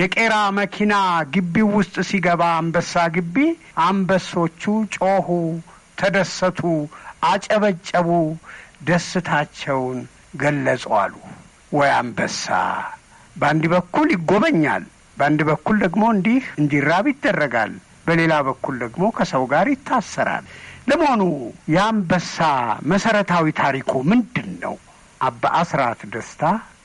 የቄራ መኪና ግቢው ውስጥ ሲገባ አንበሳ ግቢ አንበሶቹ ጮኹ ተደሰቱ፣ አጨበጨቡ፣ ደስታቸውን ገለጹ አሉ። ወይ አንበሳ በአንድ በኩል ይጎበኛል፣ በአንድ በኩል ደግሞ እንዲህ እንዲራብ ይደረጋል፣ በሌላ በኩል ደግሞ ከሰው ጋር ይታሰራል። ለመሆኑ የአንበሳ መሰረታዊ ታሪኩ ምንድን ነው? አባ አስራት ደስታ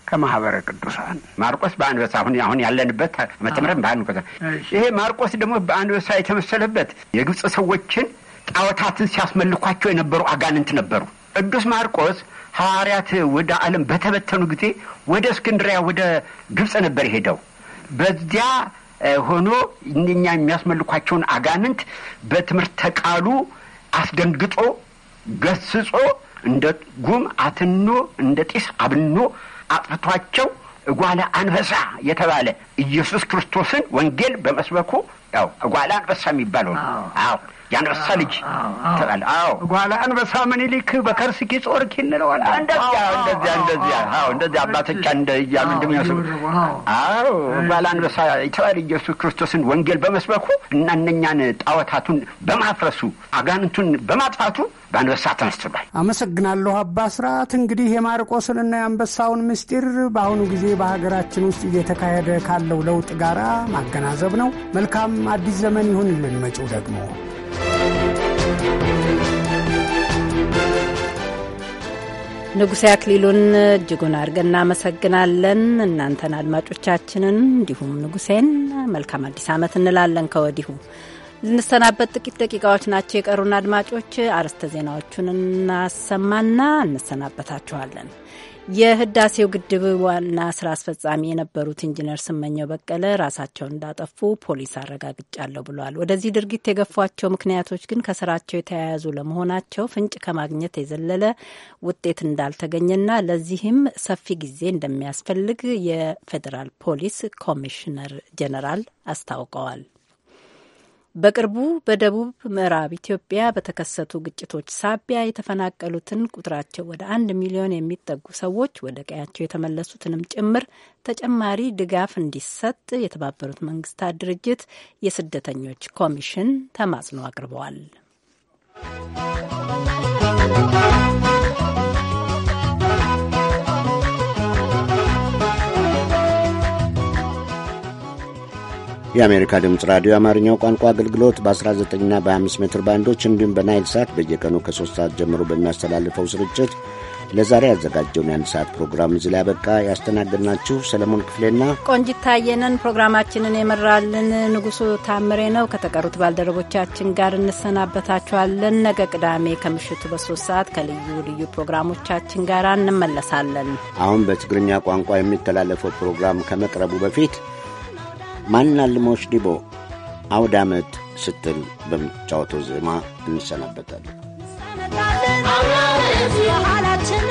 ከማህበረ ቅዱሳን ማርቆስ በአንበሳ አሁን አሁን ያለንበት መተምረን በአንበሳ ይሄ ማርቆስ ደግሞ በአንበሳ የተመሰለበት የግብፅ ሰዎችን ጣዖታትን ሲያስመልኳቸው የነበሩ አጋንንት ነበሩ። ቅዱስ ማርቆስ ሐዋርያት ወደ ዓለም በተበተኑ ጊዜ ወደ እስክንድሪያ ወደ ግብፅ ነበር የሄደው። በዚያ ሆኖ እኛ የሚያስመልኳቸውን አጋንንት በትምህርተ ቃሉ አስደንግጦ ገስጾ እንደ ጉም አትኖ እንደ ጢስ አብኖ አጥፍቷቸው እጓለ አንበሳ የተባለ ኢየሱስ ክርስቶስን ወንጌል በመስበኩ ያው እጓለ አንበሳ የሚባለው ነው። አዎ የአንበሳ ልጅ ትላለህ። አዎ ጓለ አንበሳ ምኒልክ በከርስኪ ጾርኪ እንለዋለን። እንደዚያ እንደዚያ እንደዚያ አዎ እንደዚያ አባቶቻ እንደ እያሉ እንደሚመስሉ አዎ ጓለ አንበሳ የተባለ ኢየሱስ ክርስቶስን ወንጌል በመስበኩ እና እነኛን ጣዖታቱን በማፍረሱ አጋንንቱን በማጥፋቱ በአንበሳ ተመስሏል። አመሰግናለሁ አባ ስርዓት። እንግዲህ የማርቆስንና የአንበሳውን ምስጢር በአሁኑ ጊዜ በሀገራችን ውስጥ እየተካሄደ ካለው ለውጥ ጋር ማገናዘብ ነው። መልካም አዲስ ዘመን ይሁንልን። መጪው ደግሞ ንጉሴ አክሊሉን እጅጉን አድርገን እናመሰግናለን። እናንተን አድማጮቻችንን፣ እንዲሁም ንጉሴን መልካም አዲስ ዓመት እንላለን ከወዲሁ። ልንሰናበት ጥቂት ደቂቃዎች ናቸው የቀሩን። አድማጮች አርዕስተ ዜናዎቹን እናሰማና እንሰናበታችኋለን። የህዳሴው ግድብ ዋና ስራ አስፈጻሚ የነበሩት ኢንጂነር ስመኘው በቀለ ራሳቸውን እንዳጠፉ ፖሊስ አረጋግጫለሁ ብሏል። ወደዚህ ድርጊት የገፏቸው ምክንያቶች ግን ከስራቸው የተያያዙ ለመሆናቸው ፍንጭ ከማግኘት የዘለለ ውጤት እንዳልተገኘና ለዚህም ሰፊ ጊዜ እንደሚያስፈልግ የፌዴራል ፖሊስ ኮሚሽነር ጄኔራል አስታውቀዋል። በቅርቡ በደቡብ ምዕራብ ኢትዮጵያ በተከሰቱ ግጭቶች ሳቢያ የተፈናቀሉትን ቁጥራቸው ወደ አንድ ሚሊዮን የሚጠጉ ሰዎች ወደ ቀያቸው የተመለሱትንም ጭምር ተጨማሪ ድጋፍ እንዲሰጥ የተባበሩት መንግስታት ድርጅት የስደተኞች ኮሚሽን ተማጽኖ አቅርበዋል። የአሜሪካ ድምፅ ራዲዮ የአማርኛው ቋንቋ አገልግሎት በ19ና በ 5 ሜትር ባንዶች እንዲሁም በናይል ሳት በየቀኑ ከ3 ሰዓት ጀምሮ በሚያስተላልፈው ስርጭት ለዛሬ ያዘጋጀውን የአንድ ሰዓት ፕሮግራም እዚህ ላይ ያበቃ። ያስተናገድናችሁ ሰለሞን ክፍሌና ቆንጂት ታየነን። ፕሮግራማችንን የመራልን ንጉሱ ታምሬ ነው። ከተቀሩት ባልደረቦቻችን ጋር እንሰናበታችኋለን። ነገ ቅዳሜ ከምሽቱ በሶስት ሰዓት ከልዩ ልዩ ፕሮግራሞቻችን ጋር እንመለሳለን። አሁን በትግርኛ ቋንቋ የሚተላለፈው ፕሮግራም ከመቅረቡ በፊት ማናልሞሽ ዲቦ አውድ ዓመት ስትል በምትጫወተው ዜማ እንሰናበታለን።